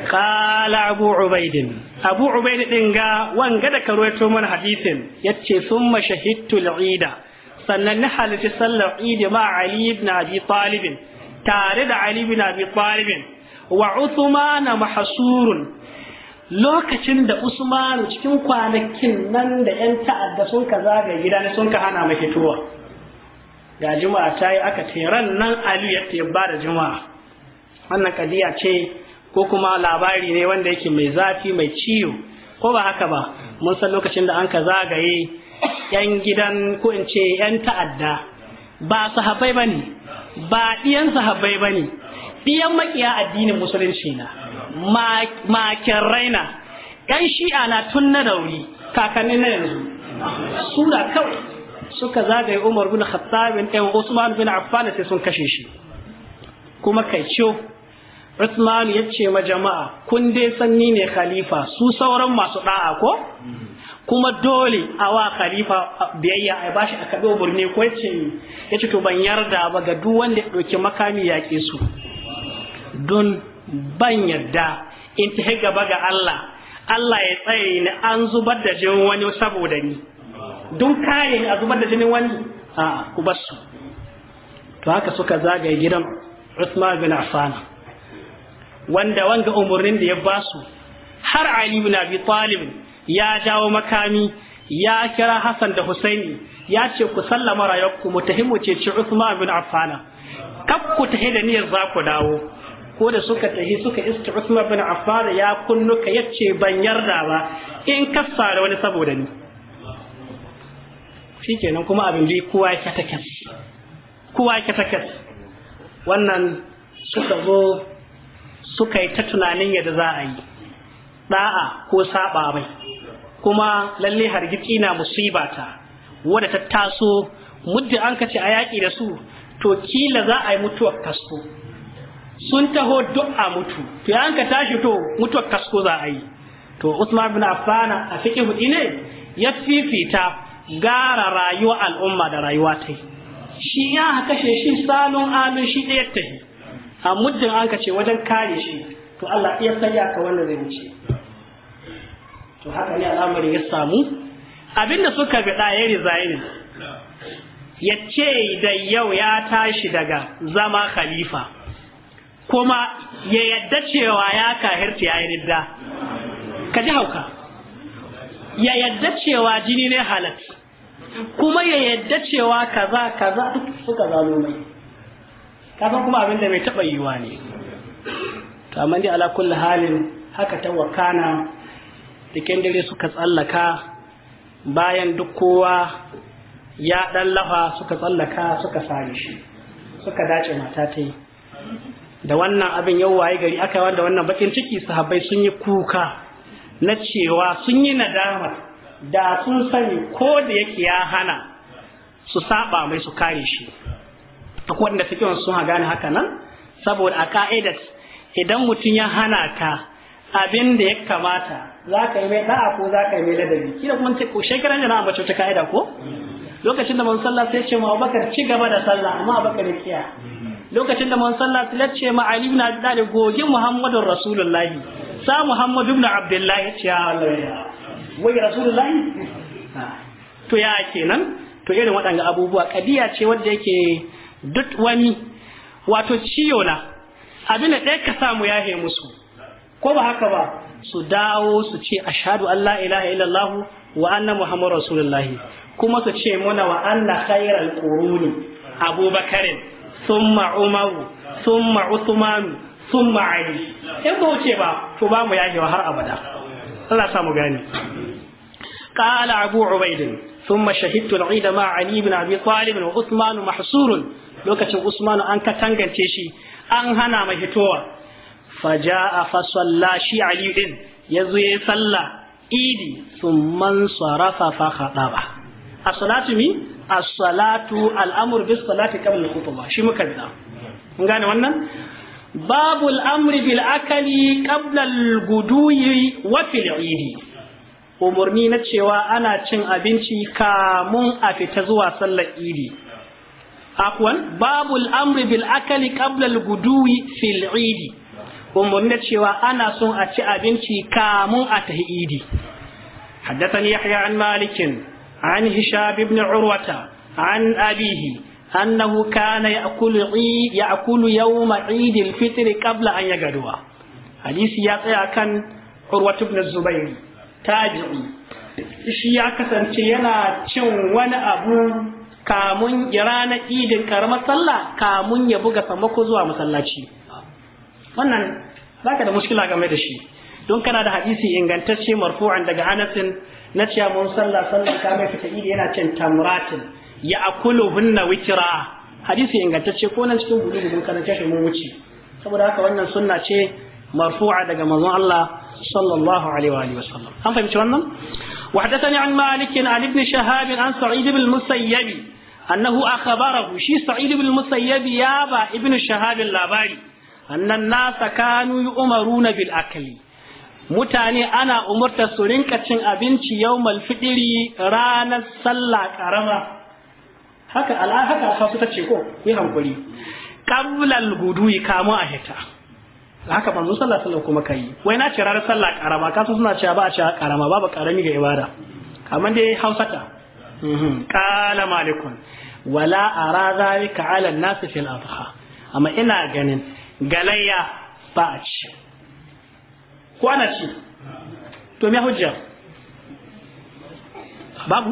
qala abu ubaid abu ubaid din ga wanga da karwato mana hadisin yace summa shahidtu al-ida sannan na halitta sallar idi ma ali ibn abi talib tare da ali ibn abi talib wa uthman mahsurun lokacin da usman cikin kwanakin nan da yan ta'adda sun ka zaga gida ne sun ka hana mai fitowa ga juma'a tayi aka teran nan ali ya ba da juma'a wannan kadiya ce ko kuma labari ne wanda yake mai zafi mai ciwo ko ba haka ba mun san lokacin da an ka zagaye yan gidan ko in ce yan ta'adda ba sahabbai bane ba diyan sahabbai bane diyan makiya addinin musulunci na makin raina yan shi'a na tun na dauri kakanni na yanzu su da kawai suka zagaye umar bin khattab bin usman bin affan sai sun kashe shi kuma kai ciyo Usman ya ce ma jama'a kun dai sanni ne khalifa su sauran masu da'a ko kuma dole a wa khalifa biyayya a bashi a kaɗo birni ko ce ya ce to ban yarda ba ga duk wanda ya ɗauki makami ya ke su don ban yarda in ta gaba ga Allah Allah ya tsaye ni an zubar da jinin wani saboda ni don kare ni a zubar da jinin wani a ku bar su to haka suka zagaye gidan Usman bin Affan wanda wanga umurnin da ya basu har Ali ibn Abi Talib ya jawo makami ya kira Hassan da Husaini ya ce ku sallama rayuwarku mutahimu ce ci Uthman ibn Affan kab ku tahi da niyyar za ku dawo ko da suka tahi suka iska Uthman ibn Affan ya kunnuka yace ban yarda ba in ka sare wani saboda ni shikenan kuma abin bi kowa ya takas kowa ya takas wannan suka zo suka yi ta tunanin yadda za a yi ɗa'a ko saɓa mai kuma lalle hargitsi na musiba ta wadda ta taso muddin an kace a yaƙi da su to kila za a yi mutuwar kasko sun taho duk a mutu to ya ka tashi to mutuwar kasko za a yi to Usman bin Affan a fiqh ne ya fifita gara rayuwa al'umma da rayuwa ta yi. shi ya kashe shi salon alun shi ɗaya ta a muddin an ka ce wajen kare shi to Allah iya sanya ka wanda zai wuce to haka ne al'amari ya samu abinda suka ga da ya resign ya ce da yau ya tashi daga zama khalifa kuma ya yadda cewa ya kahirta ya yi ridda ka ji hauka ya yadda cewa jini ne halatta kuma ya yadda cewa kaza kaza suka zalo mai kasan kuma abin da mai taɓa yiwuwa ne to amma dai ala kulli halin haka ta wakana da kendare suka tsallaka bayan duk kowa ya ɗan lafa suka tsallaka suka sami shi suka dace mata ta yi da wannan abin yau waye gari aka wanda wannan bakin ciki sahabbai sun yi kuka na cewa sun yi nadama da sun sani ko da yake ya hana su saba mai su kare shi akwai wanda suke sun ha gane haka nan saboda a ka'idat idan mutum ya hana ka abin da ya kamata za ka yi mai da'a ko za ka yi mai ladabi da kuma ce ko shekaran jana'a mace ta ka'ida ko lokacin da mun sallah sai ce ma Abubakar ci gaba da sallah amma Abubakar ya kiya lokacin da mun sallah sai ce ma Ali ibn Abi Talib goge Muhammadu Rasulullahi sa muhammadu ibn Abdullah ya ce Allah ya wai Rasulullahi to ya kenan to irin waɗanga abubuwa kadiya ce wadda yake duk wani wato ciyo na abin da ɗaya ka samu yahe musu ko ba haka ba su dawo su ce ashhadu an la ilaha illallah wa anna rasulullahi kuma su ce muna wa anna khairal quruni abubakarin thumma umaru thumma uthmanu thumma ali in ba wuce ba to ba mu yahewa har abada Allah samu gani قال أبو عبيد ثم شهدت العيد مع علي بن أبي طالب وعثمان محصور lokacin usmanu an ka tangance shi an hana mai hitowa faja'a fa salla shi aliyu din yazo yayi salla idi thumman sarafa fa khadaba as-salatu mi as-salatu al-amru bis-salati qabla al-khutbah shi muka da mun gane wannan babu al-amri bil akali qabla al-gudui wa fil idi umarni na cewa ana cin abinci kamun a fita zuwa sallar idi أقول باب الامر بالاكل قبل الغدو في العيد umarni cewa ana son a ci abinci kamun حدثني يحيى عن مالك عن هشام بن عروة عن أبيه أنه كان يأكل يأكل يوم عيد الفطر قبل أن يغدو حديث يا كان عروة بن الزبير تابعي إشياء ya تشون yana kamun ya rana idin karamar sallah kamun ya buga sammako zuwa masallaci wannan zaka da mushkila game da shi don kana da hadisi ingantacce marfu'an daga anasin na cewa mun sallah sallah ka mai fita idi yana cin tamratin ya akulu hunna witira hadisi ingantacce ko nan cikin gudu gudun kana tashi mun wuce saboda haka wannan sunna ce marfu'a daga manzon Allah sallallahu alaihi wa alihi wasallam an fahimci wannan وحدثني عن مالك عن ابن شهاب عن سعيد بن المسيب annahu akhbarahu shi sa'id ibn musayyib ya ba ibn shahab labari annan nasa kanu yu'maruna bil akli mutane ana umurta su rinka cin abinci yawmal fidiri ranar sallah karama haka ala haka hausa tace ko ku hankuri qablal gudui kamu a hita haka manzo sallah alaihi kuma kai wai na ce ranar sallah karama kasu suna cewa ba a cewa karama babu karami ga ibada kamar dai hausa ta kala malikun wala ara zalika ala an-nas fil adha amma ina ganin galayya ba a ci ko ana ci to me hujja babu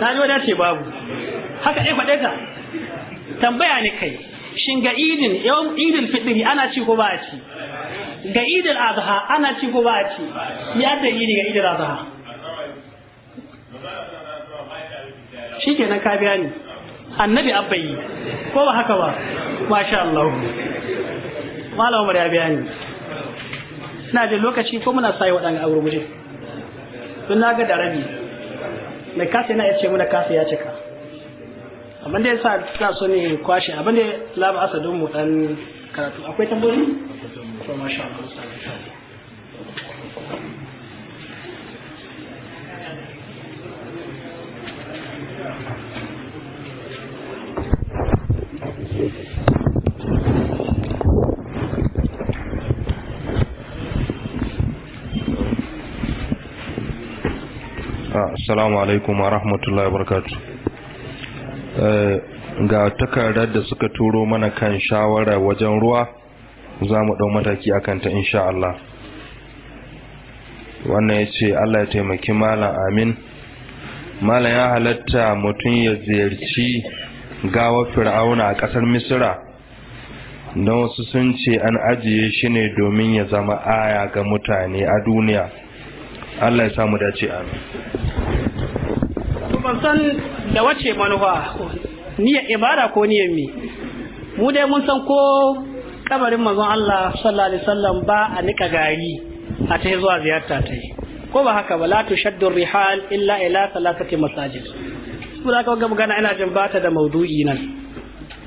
na ji wadda ce babu haka ai faɗe ta tambaya ne kai shin ga idin yawan idin fitiri ana ci ko ba a ci ga idin adha ana ci ko ba a ci ya da ne ga idin adha shi kenan ka kafiya ne, annabi abbayi ko ba haka ba masha Allah malamu Umar ya biya ni ina da lokaci ko muna sayi waɗanda aure muje? sun na ga da rabi mai kasa yana yace muna kasa ya cika abin da yasa ta so ne kwashe abin da laba asadun mu dan karatu akwai tambayoyi to masha Allah assalamu alaikum wa rahmatullahi wa barakatu eh, ga takardar da suka turo mana kan shawara wajen ruwa za mu ɗau mataki a kanta insha Allah wannan ya ce Allah ya taimaki malam amin malam ya halatta mutum ya ziyarci gawar fir'auna a ƙasar misira don wasu sun ce an ajiye shi ne domin ya zama aya ga mutane a duniya Allah ya samu dace amin ban san da wace manufa niyya ibada ko niyyar mi mu dai mun san ko kabarin manzon Allah sallallahu alaihi wasallam ba a nika gari a ta zuwa ziyarta ta yi ko ba haka ba la tushaddu rihal illa ila salatati masajid saboda ka ga magana ina jin bata da maudu'i nan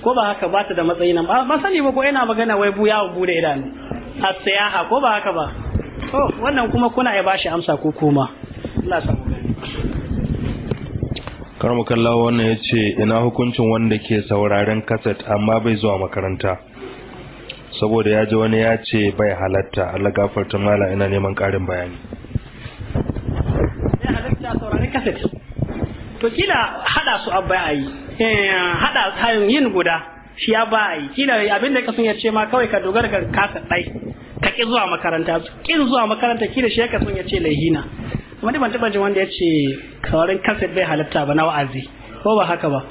ko ba haka bata da matsayi nan ba sani ba ko ina magana wai bu yawon bude idanu a siyaha ko ba haka ba to wannan kuma kuna ya bashi amsa ko kuma Allah ya samu karamu kalla wannan ya ce ina hukuncin wanda ke sauraren kaset amma bai zuwa makaranta saboda ya ji wani ya ce bai halatta Allah gafarta mala ina neman karin bayani ya halatta sauraren kaset to kila hada su abba yi? Eh, hada tayin yin guda shi ya ba ayi kila abinda kasan ya ce ma kawai ka dogara ga kasa ɗai ka ƙi zuwa makaranta ƙin zuwa makaranta da shi yaka son ya ce laihina kuma dai ban taba wanda ya ce kawarin kaset bai halatta ba na wa'azi ko ba haka ba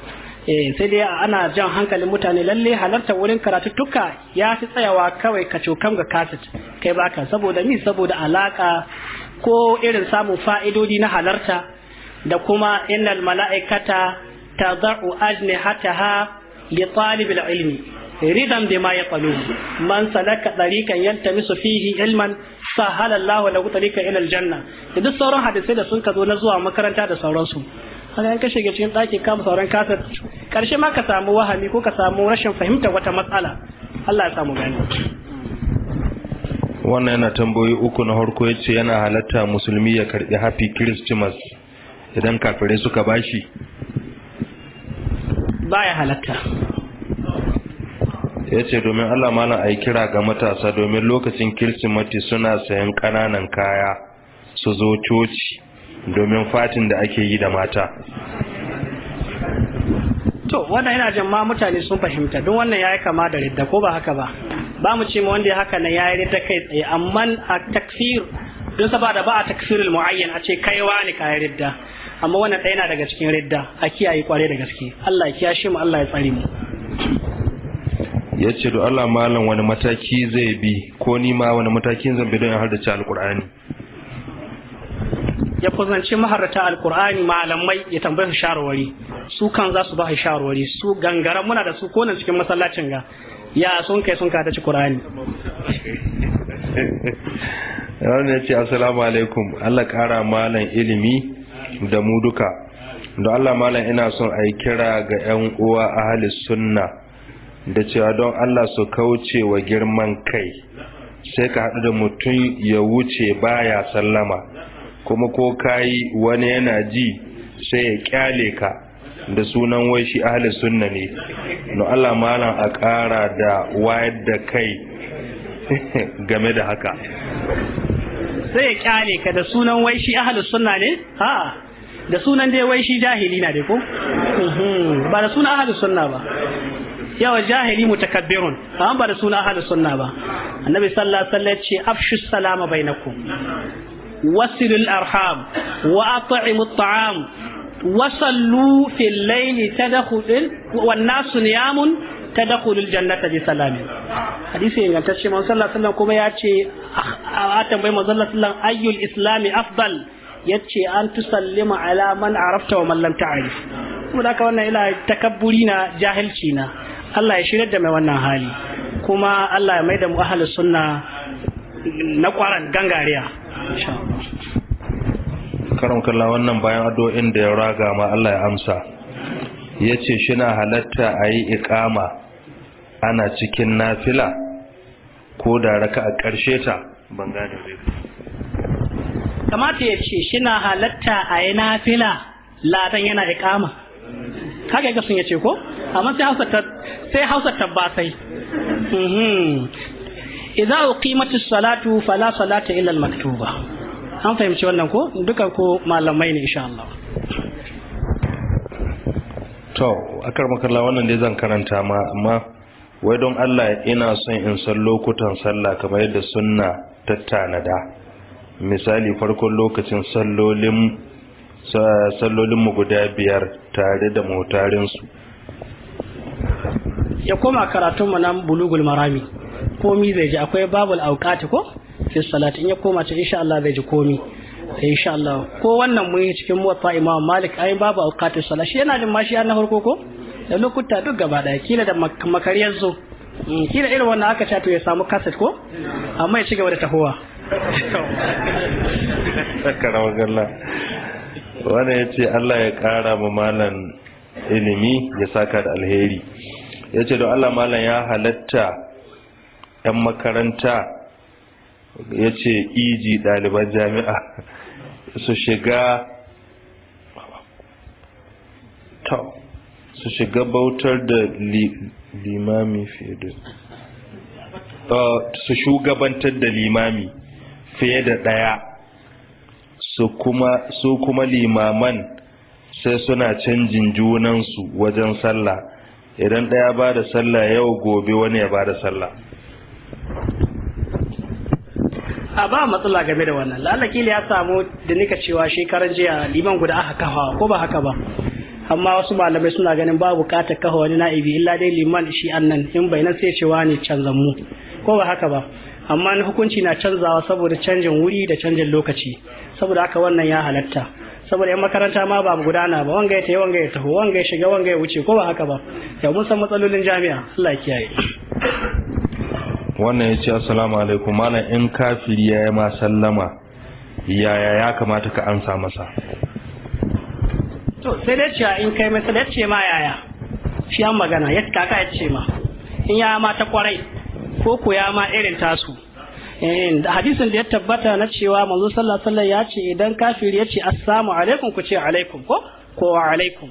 eh, sai dai ana jan hankalin mutane lalle halarta wurin karatu tuka ya fi tsayawa kawai ka cokam ga kaset kai baka saboda ni saboda alaka ko irin samun fa'idodi na halarta da kuma innal mala'ikata tadau hataha li talibil ilmi ridan bima yaqulu man salaka tariqan yaltamisu fihi ilman sahala Allahu lahu tariqan ila aljanna da duk sauran hadisai da sun ka zo na zuwa makaranta da sauransu Haka an kashe cikin daki kam sauran kasar karshe ma ka samu wahami ko ka samu rashin fahimtar wata matsala Allah ya samu gani wannan yana tambayoyi uku na harko ya ce yana halatta musulmi ya karɓi happy christmas idan kafirai suka bashi baya halatta ya ce domin Allah malam a yi kira ga matasa domin lokacin kirsimati suna sayan kananan kaya su zo coci domin fatin da ake yi da mata to wannan yana jama mutane sun fahimta don wannan ya yi kama da ridda ko ba haka ba ba mu ce ma wanda ya haka na ya yi ridda kai tsaye amma a takfir don saboda ba a takfirul mu'ayyan a ce kaiwa ne kayan ridda amma wannan ɗaya na daga cikin ridda a kiyaye kwarai da gaske Allah ya kiyashe mu Allah ya tsare mu ya ce do Allah malam wani mataki zai bi ko ni ma wani matakin zan bi don har da ci alkur'ani ya kuzanci maharata alkur'ani malamai ya tambaye su shawarwari su kan za su ba su shawarwari su gangara muna da su konan cikin masallacin ga ya sun kai sun kata ci qur'ani yawon ya ce assalamu alaikum Allah kara malam ilimi da mu duka da Allah malam ina son a yi kira ga 'yan uwa ahli sunna da cewa don Allah su kauce wa girman kai sai ka haɗu da mutum ya wuce baya sallama kuma ko kayi wani yana ji sai ya kyale ka da sunan wai shi ahli sunna ne no Allah malam a ƙara da wayar da kai game da haka sai ya kyale ka da sunan wai shi ahli sunna ne ha da sunan dai wai shi jahili na dai ko mhm, ba da sunan ahli sunna ba yawa jahili mutakabbirun ba an ba da suna ahlus sunna ba annabi sallallahu alaihi wasallam ce afshu salama bainakum wasilul arham wa at'imut ta'am wasallu fil layli tadkhulul wan nasu niyamun tadkhulul jannata bi salam hadisi ingantacce man sallallahu alaihi wasallam kuma ya ce a tambayi man sallallahu alaihi wasallam ayyul islami afdal yace an tusallima ala man arafta wa man lam ta'rif kuma da haka wannan ila takabburi na jahilci na Allah ya shirar da mai wannan hali kuma Allah ya mai da mu ahalus sunna na kwaran gangariya karam kalla wannan bayan addu'o'in da ya raga ma Allah ya amsa yace shi na halatta a yi iƙama ana cikin nafila ko da raka a ƙarshe ta ban gane kamata ya ce shi na halatta a yi nafila latan yana iƙama kage ga sun yace ko amma sai hausa ta sai hausa tabbasai mhm idza uqimati salatu fala salata illa almaktuba maktuba an fahimci wannan ko duka ko malamai ne insha Allah to akar makalla wannan dai zan karanta ma amma wai don Allah ina son in san lokutan sallah kamar yadda sunna ta tanada misali farkon lokacin sallolin sallolin mu guda biyar tare da motarinsu ya koma karatun mu nan bulugul marami komi zai ji akwai babul aukati ko fi salati in ya koma ta insha Allah zai ji komi insha Allah ko wannan mun yi cikin muwatta Imam Malik ai babu aukati salati shi yana jin ma shi na farko ko da lokuta duk gaba daya kila da makariyar zo mm, kila irin wannan aka cato ya samu kaset ko amma ya ci gaba da tahowa wanda ya ce Allah ya kara ma malan ilimi ya saka da alheri ya ce don Allah malan ya halatta 'yan makaranta ya ce iji e ɗaliban jami'a su shiga su shiga bautar da limami fiye da uh, su shugabantar da limami fiye da ɗaya su kuma limaman sai suna canjin junansu wajen sallah idan ɗaya ba da sallah yau gobe wani ya ba da sallah a ba matsala game da wannan lalakili ya samu da nika cewa shekaran jiya liman guda aka kafa ko ba haka ba amma wasu malamai suna ganin ba bukatar kafa wani na'ibi illa dai liman shi annan in bai na sai cewa ne canzan mu ko ba haka ba amma na hukunci na canzawa saboda canjin wuri da canjin lokaci saboda haka wannan ya halatta saboda yan makaranta ma ba gudana ba wanga ya tafi wanga ya taho wanga ya shiga wanga ya wuce ko ba haka ba ya mun san matsalolin jami'a Allah ya kiyaye wannan ya ce assalamu alaikum malam in kafiri ya yi ma sallama yaya ya kamata ka amsa masa to sai dai cewa in kai mai dai ce ma yaya shi an magana ya kaka ya ce ma in ya ma ta kwarai ko kuya ma irin tasu eh, hadisin da ya tabbata na cewa manzo sallallahu alaihi wasallam ya ce idan kafiri ya ce assalamu alaikum ku ce alaikum ko ko alaikum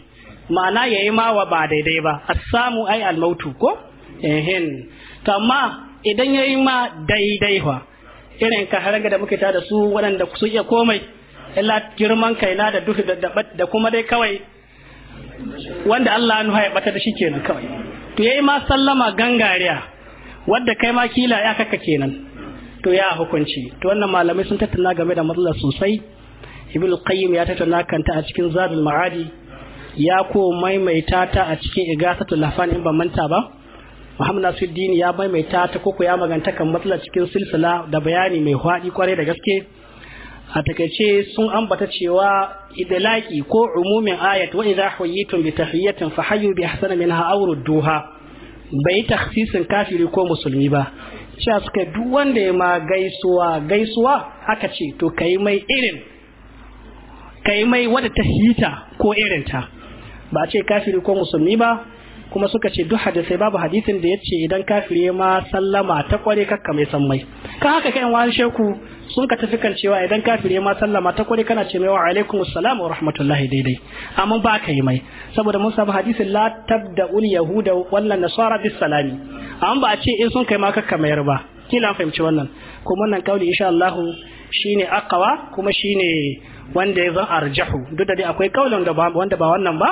ma'ana yayi ma wa ba daidai ba assamu ai almautu ko ehin to amma idan yayi ma daidai fa irin ka haranga da muke da su waɗanda su iya komai illa girman kaina da duhu da kuma dai kawai wanda Allah ya nuha ya bata da shi kenan kawai to yayi ma sallama gangariya wadda kai ma kila ya kaka kenan to ya hukunci to wannan malamai sun tattauna game da matsalar sosai ibnu qayyim ya tattauna kanta a cikin zadul ma'adi ya ko maimaita ta a cikin igasatul lafan in ban manta ba muhammad nasiruddin ya maimaita ta ko ya maganta kan matsalar cikin silsila da bayani mai hwadi kwarai da gaske a takaice sun ambata cewa idlaqi ko umumin ayat wa idha huyitum bi tahiyatin fahayyu bi ahsana minha aw rudduha bai yi taksisin kafiri ko musulmi ba cewa suka duk wanda ya ma gaisuwa gaisuwa aka ce to kai mai irin kai mai wadda ta hita ko irinta ba ce kafiri ko musulmi ba kuma suka ce duk hadisai babu hadisin da ya ce idan kafiri ya ma sallama ta kware kakka mai san mai ka haka kai wani sheku sun ka tafi kan cewa idan ya ma sallama ta kware kana ce mai wa alaikum assalam wa rahmatullahi daidai amma ba ka yi mai saboda mun samu hadisin la ul yahuda wallan nasara bis salami amma ba a ce in sun kai ma kakka mayar ba kila an fahimci wannan kuma wannan kauli insha Allah shine akawa kuma shine wanda ya zan arjahu duk da dai akwai kaulin da wanda ba wannan ba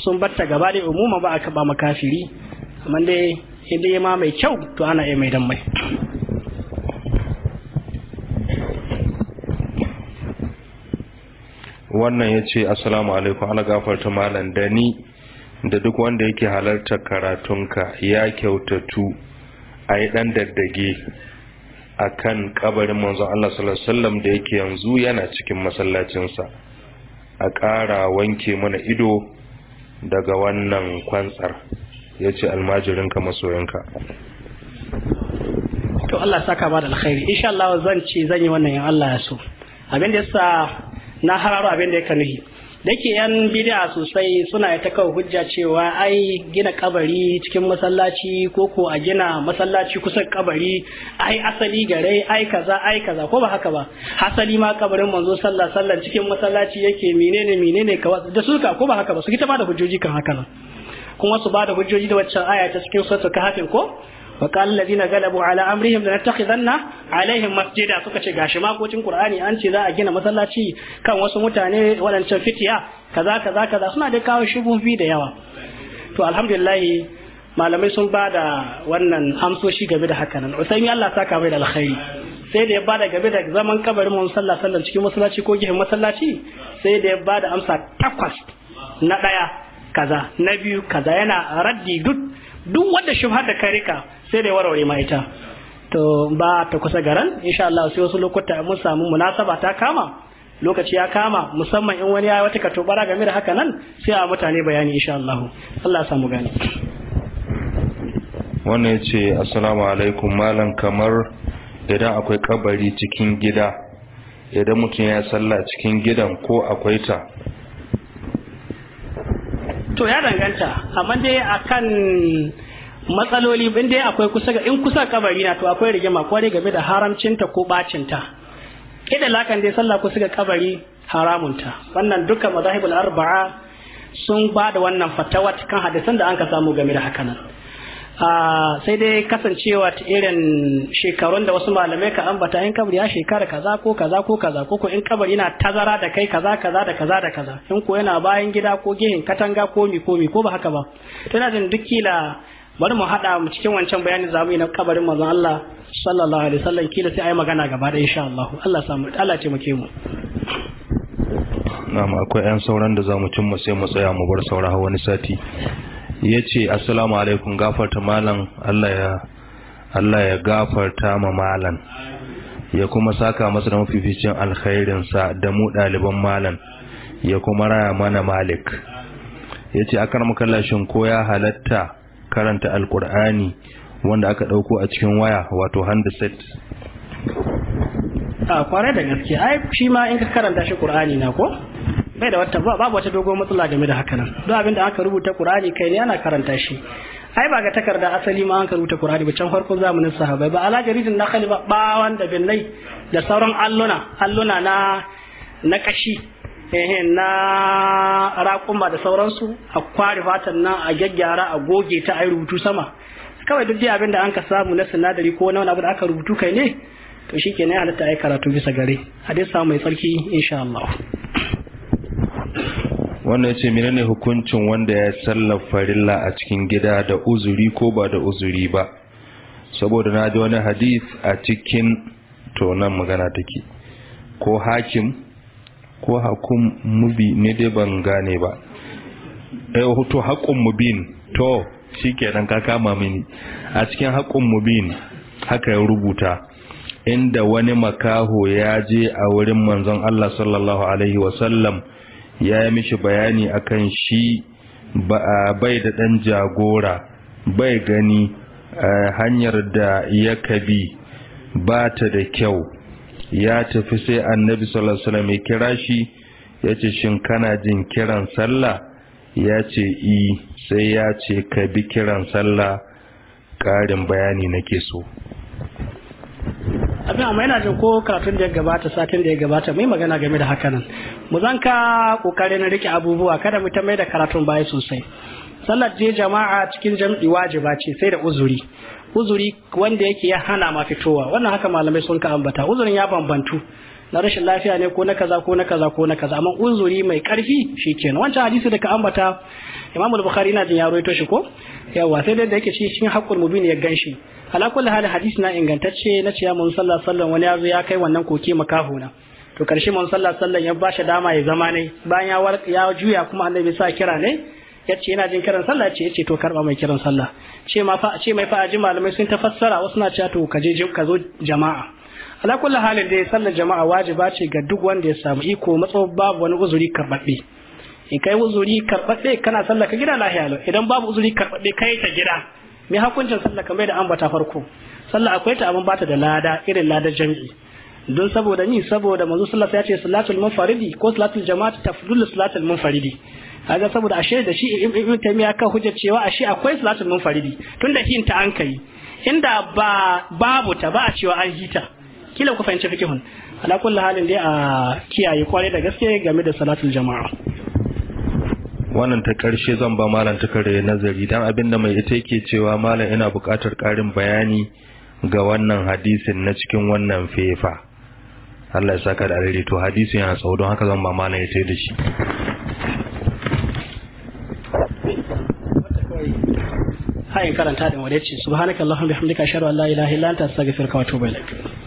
sun batta gaba da umuma ba aka ba makafiri amma dai idan ya ma mai kyau to ana iya mai dan mai wannan ya ce assalamu alaikum ala gafarta malam da ni da duk wanda yake halartar karatunka ya kyautatu a yi ɗan daddage a kan ƙabarin manzon Allah sallallahu da yake yanzu yana cikin masallacinsa a ƙara wanke mana ido daga wannan kwantsar ya ce almajirinka masoyinka to Allah saka ba da alkhairi insha Allah zan ce zan yi wannan in Allah ya so abin da yasa na hararo abin da kanuhi nuhi ke yan bid'a sosai suna ta kawo hujja cewa ai gina kabari cikin masallaci ko ko a gina masallaci kusa kabari ai asali gare ai kaza ai kaza ko ba haka ba hasali ma kabarin manzo sallallahu sallan cikin masallaci yake menene menene kawa da suka ko ba haka ba su ta bada hujjoji kan haka nan kuma su bada hujjoji da waccan aya ta cikin suratul kahfin ko فقال الذين غلبوا على امرهم لنتخذن alaihim masjida suka ce gashi makocin qur'ani an ce za a gina masallaci kan wasu mutane wadancan fitiya kaza kaza kaza suna da kawo shubufi da yawa to alhamdulillah malamai sun ba da wannan amsoshi game da hakanan usaimi Allah saka mai da alkhairi sai da ya ba da game da zaman kabarin mun sallah sallan cikin masallaci ko gihin masallaci sai da ya ba da amsa takwas na daya kaza na biyu kaza yana raddi duk duk wanda shubhar da ka rika sai da warware ma ita to ba ta kusa garan insha Allah sai wasu lokuta mun samu munasaba ta kama lokaci ya kama musamman in wani ya wata tobara game da haka nan sai a mutane bayani insha Allah Allah ya samu gani wannan ya assalamu alaikum malam kamar idan akwai kabari cikin gida idan mutum ya sallah cikin gidan ko akwai ta to ya danganta amma dai akan matsaloli in dai akwai kusa ga in kusa kabari na to akwai rigima kwarai game da haramcinta ko bacinta kida lakan dai sallah kusa ga kabari haramunta wannan dukkan mazahibul arba'a sun ba da wannan fatawa kan hadisan da an ka samu game da hakanan ah, sai dai kasancewa ta irin shekarun da wasu malamai ka ambata in kabari ya shekara kaza ko kaza ko kaza ko ko in kabari yana tazara da kai kaza kaza da kaza da kaza in ko yana bayan gida ko gehen katanga ko mi ko mi ko ba haka ba tana jin dukkila bari mu haɗa mu cikin wancan bayanin zamu yi na kabarin manzon Allah sallallahu alaihi wasallam kila sai ayi magana gaba da insha Allah Allah samu Allah ce muke mu na'am akwai yan sauran da zamu cimma sai mu tsaya mu bar saura wani sati yace assalamu alaikum gafarta malam Allah ya Allah ya gafarta ma malam ya kuma saka masa da mafificin sa da mu ɗaliban malam ya kuma raya mana malik yace ce akar makallashin ko ya halatta karanta alkur'ani wanda aka ɗauko a cikin waya wato handset a ah, kwarai da gaske ai shi ma in ka karanta shi qur'ani na ko bai da wata babu wata dogon matsala game da haka nan duk abin da aka rubuta qur'ani kai ne ana karanta shi ai ba ga takarda asali ma an rubuta qur'ani ba can farkon zamanin sahabbai ba ala jaridin nakhali ba wanda da binnai da sauran alluna alluna na na kashi na raƙuma da sauransu a kware fatan nan a gyaggyara a goge ta a yi rubutu sama kawai duk dai abin da an ka samu na sinadari ko wani abu da aka rubutu kai ne to shi kenan halatta a yi karatu bisa gare a dai samu mai tsarki insha Allah wannan ce ne hukuncin wanda ya sallar farilla a cikin gida da uzuri ko ba da uzuri ba saboda na ji wani hadith a cikin tonan magana take ko hakim ko hakun mubi ne dai ban gane ba eh to hakun mubin to shikenan ka kama mini a cikin hakun mubin haka ya rubuta inda wani makaho ya je a wurin manzon Allah sallallahu alaihi wasallam ya yi mishi bayani akan shi bai da ɗan jagora bai gani eh, hanyar da ya kabi ba ta da kyau ya tafi sai annabi sallallahu alaihi wasallam kira shi ya ce shin kana jin kiran sallah ya ce i e, sai ya ce ka bi kiran sallah karin bayani nake so abin amma yana jin ko karatun da ya gabata satin da ya gabata mai magana game da hakanan mu zan zanka kokarin rike abubuwa kada mu ta mai da karatun baya sosai sallar je jama'a cikin jam'i wajiba ce sai da uzuri uzuri wanda yake ya hana ma fitowa wannan haka malamai sun ka ambata uzurin ya bambantu na rashin lafiya ne ko na kaza ko na kaza ko na kaza amma uzuri mai karfi shikenan wancan hadisi da ka ambata Imam al-Bukhari na jin ya rawaito shi ko yawa sai dai da yake cikin haqqul mubin ya ganshi ala kulli hal hadisi na ingantacce na ciya mun sallallahu alaihi wasallam wani yazo ya kai wannan koke makahuna to karshe mun sallallahu alaihi wasallam ya bashi dama ya zama ne bayan ya ya juya kuma annabi sa kira ne yace yana jin kiran sallah yace yace to karba mai kiran sallah ce ma fa ce mai fa malamai sun tafassara wasu na cewa to ka je ka zo jama'a ala kullu halin da sallar jama'a wajiba ce ga duk wanda ya samu iko matso babu wani uzuri karbabbe in kai uzuri karbabbe kana sallar ka gida lahiya idan babu uzuri karbabbe kai ta gida me hakuncin sallar ka mai da ambata farko sallar akwai ta abin bata da lada irin ladar jami'i don saboda ni saboda manzo sallallahu ya ce salatul munfaridi ko salatul jama'a tafdulu salatul munfaridi kaga saboda ashe da shi ibn taymiya kan hujja cewa ashe akwai salatul munfaridi tunda hin ta an kai inda ba babu ta ba a cewa an hita kila ku fahimci fikihun ala kullu halin dai a kiyaye kware da gaske game da salatul jama'a wannan ta karshe zan ba malam ta kare nazari dan da mai ita yake cewa malam ina buƙatar ƙarin bayani ga wannan hadisin na cikin wannan fefa Allah ya saka da alheri to hadisin yana tsawo don haka zan ba malam ya da shi sai karanta da wadai ce subhanakallahumma bihamdika ashhadu an la ilaha illa anta astaghfiruka wa atubu ilaik